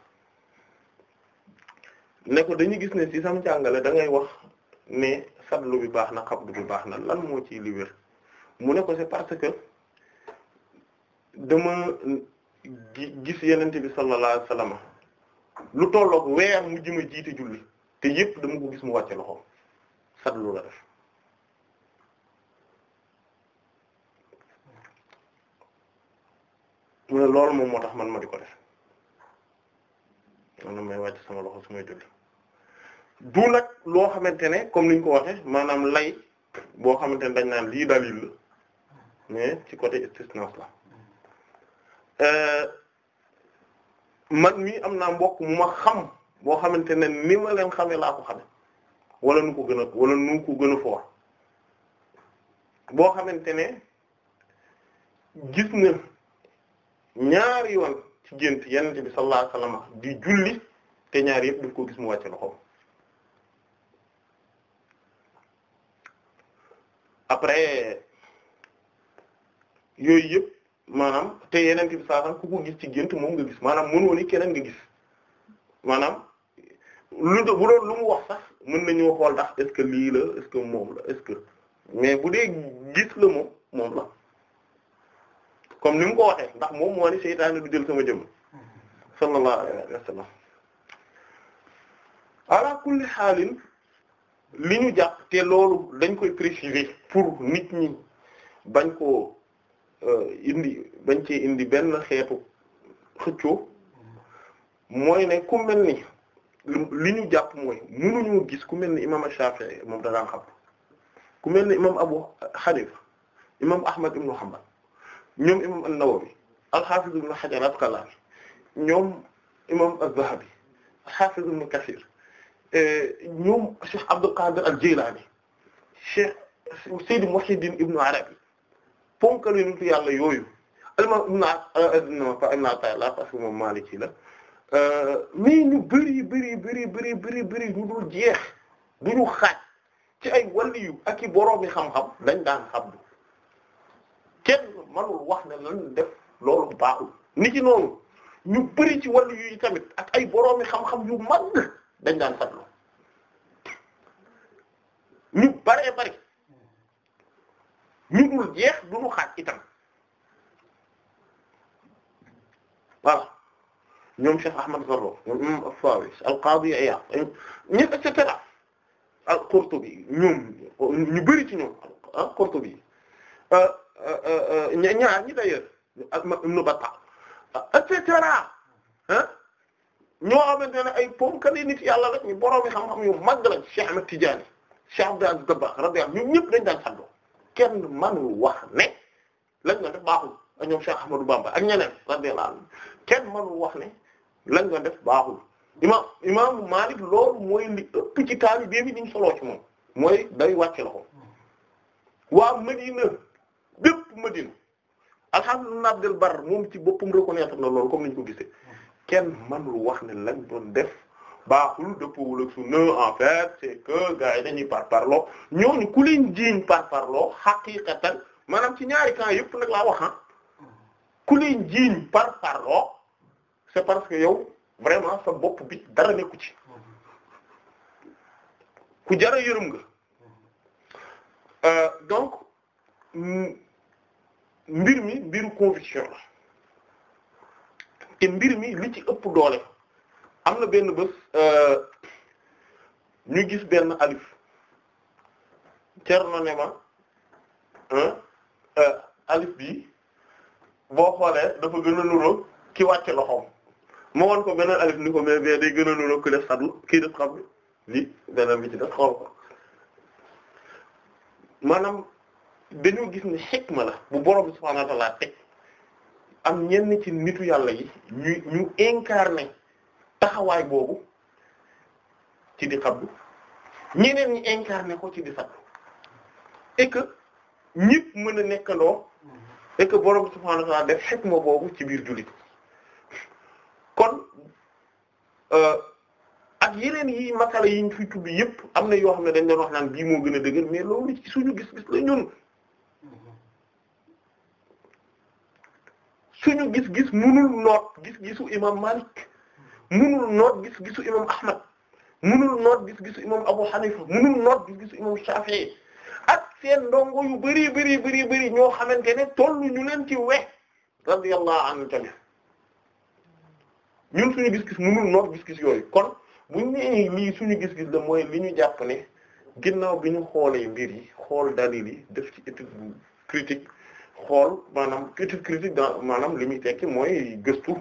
ne ko dañuy gis ne ci sam jàngale da ngay wax ne sadlu bi baax na xabdu bi baax na lan moo ciy li mu ne ko c'est parce que dama gis yenente bi sallallahu alayhi wasallam lu tollook weer mu jëm a jiite julli te yépp dama ko gis mu wàcce loxo sadlu la def mu ne loolu moom moo tax man ma di ko def man may wàcc sama loxo su may julli du nag loo xamante ne comme ni ko waxee maanaam lay boo xamante ne dañ naan lii dalil la mais ci côté istisna la euh, man mii am naa mbokk mu ma xam boo xamante ne ni ma leen xamee laa ko xame wala nu ko gën a wala nu ko gën a foor boo xamante ne gis na ñaari yoon ci gént yenente bi sallallahu alayhi di julli te ñaar yëpp daf ko gis mu wàcc loxoom après yooyu yëpp maanaam te yenente bi sallallahu ku ko gis ci gént moom nga gis maanaam mënoo ni keneen nga gis maanaam lu do bu doon lu mu wax sax mën nañu xool ndax est-ce que lii la est moom la est mais bu dee gis la moom moom la comme ni mu ko waxee ndax moom moo ni seytaane du jël sama jëmm sallallahu alayhi wa sallam xaalin li ñu jàpp te loolu dañ koy préciser pour nit ñi bañ koo euh, indi bañ cee indi benn xeetu xëccoo mooy ne ku mel ni li ñu jàpp mooy mënuñu gis ku mel ni imam Shafi'i moom da daan xam ku mel ni imam Abu Hanifa imam Ahmad ibn Hanbal ñoom imam an-Nawawi al-Hafiz ibn Hajar al-Asqalani ñoom imam az-Zahabi al-Hafiz ibn Kathir eh, ñoom Cheikh Abdul Qadir al-Jilani Cheikh Sayyid Muhyiddin ibn Arabi ponkal yu nitu yàlla yooyu alimam ibn eh, pa ibn Ata'illah parce que moom Maliki la eh, mais ñu bëri bëri bëri bëri bëri bëri ñu dul jeex duñu xaaj ci ay waliyu ak i boroomi xam-xam dañ daan xam kenn manul wax ne lan def loolu baaxul ni ci noonu ñu bëri ci yu tamit ak ay boroomi xam-xam yu mag dañ daan fadlu ñu bëree bëri ñu dul jeex duñu xaaj itam voilà ñoom Cheikh Ahmad Zarro ñoom imam ci ñoom al-Qurtubi ah, euh, Euh, euh, ñaar ñi d'ailleurs ak Ibn Battah et cetera ah ñoo xamante ne ay ponkal yi nit yàlla lañ ñu borom xam-xam yu mag lañ Cheikh Ahmed Tidiane Cheikh Abdou Aziz Dabakh radiyallahu ñun ñëpp dañ daan saddoo kenn mënul wax ne lañ doon def baaxul ak ñoom Cheikh Ahmadou Bamba ak ñeneen radiyallahu kenn mënul wax ne lañ doon def baaxul imaam imaamu Malik loolu mooy li ëpp ci taalibe bi ni mu moom mooy day wàcce la ko waa Medina. bépp Madina alhamdulilah Abdel Bar moom ci boppam reconnaître na loolu comme ni ko gisee kenn mënul wax ne lañ doon def baaxul dëppoo ak sunna en fait c'est que gars yi par parloo ñooñu ku leen jiiñ par parloo xaqiqatan maanaam ci ñaari camps yëpp nag laa wax ah ku leen jiiñ par parloo c'est parce que yow vraiment sa bopp bi dara nekku ci ku jara yërëm nga euh, donc. mbir mi mbiru conviction la te mbir mi li ci ëpp doole am na benn bés euh, ñu gis benn alif cerno ne ma euh, alif bi boo xoolee dafa gën a nuroo ki wàcc loxoom moo woon ko beneen alif ni ko mais bee day gën a nuroo ki def sadlu kii def xam li beneen bi ci def xool ko maanaam dañoo gis ne ma la bu borom subhaanahu wa ta'aala teg am ñenn ci nitu yàlla yi ñu ñu incarné taxawaay boobu ci di xabdu ñeneen ñi incarné ko ci di sattu et que ñëpp mën a nekkandoo et que borom subhaanahu wa ta'aala def xikma boobu ci biir jullit kon euh, ak yeneen yi masala yi ñu fi tudd yëpp am na yoo xam ne dañ doon wax naan bii moo gën a dëgër mais loolu ci suñu gis-gis la ñun suñu gis-gis munul noot gis-gisu imam Malik munul noot gis-gisu imam Ahmad munul noot gis-gisu imam Abu Hanifa munul noot gis-gisu imam Shafi'i ak seen ndongo yu bari bari bari bari ñoo xamante ne tollu ñu leen ci we radiyallahu anhu tamit ñun suñu gis-gis munul noot gis-gis yooyu kon bu ñu nee lii suñu gis-gis la mooy li ñu jàpp ne ginnaaw bi ñu xoolee mbir yi xool dalil yi def ci étude bu critique xool maanaam critique critique maanaam li muy tekki mooy gëstu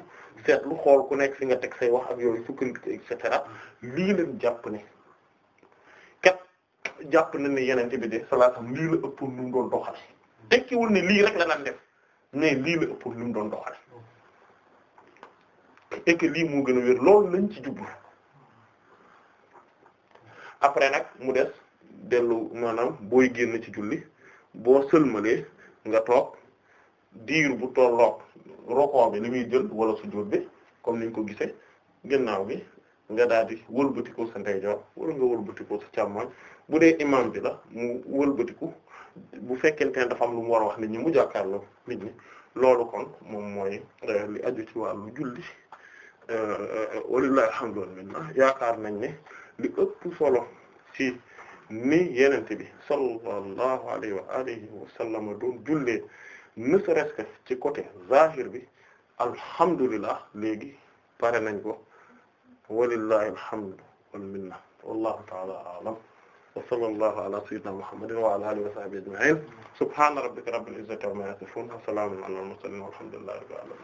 seetlu xool ku nekk fi nga teg say wax ak yooyu sukkandiku et cetera lii leen jàpp ne kat jàpp na ne yeneen bi de salaatam lii la ëpp lu mu doon doxal tekkiwul ne lii rek la daan def mais lii la ëpp lu doon doxal et que lii moo gën a wér loolu lañ ci jublu après nag mu des dellu maanaam booy génn ci julli boo sëlmalee nga toog diir bu tolloog rokoo bi ni muy jël wala sujjóot bi comme niñ ko gisee gannaaw bi nga daal di wëlbatiku sa ndeyjoor wala nga wëlbatiku sa càmmoñ bu dee imam bi la mu wëlbatiku bu fekkee ne dafa am lu mu war a wax nit ñi mu jàkkaarloo nit ñi loolu kon moom mooy euh, li aju ci wàllu julli euh, euh, walillahi alhamdulillah yaakaar nañ ne li ëpp solo ci ni yenent bi sallallahu alayhi wa alihi wa sallam doon jullee ne serait-ce que ci côté zahir bi alhamdulillah léegi pare nañ ko walillahi alhamdu wal minna wallahu ta'ala a'lam wa sallallahu ala sayyidina muhammadin wa ala alihi wa sahbihi ajma'in subhana rabbika rabbil izzati amma yasifun wa salamun ala al mursalin walhamdulillahi rabbil alamin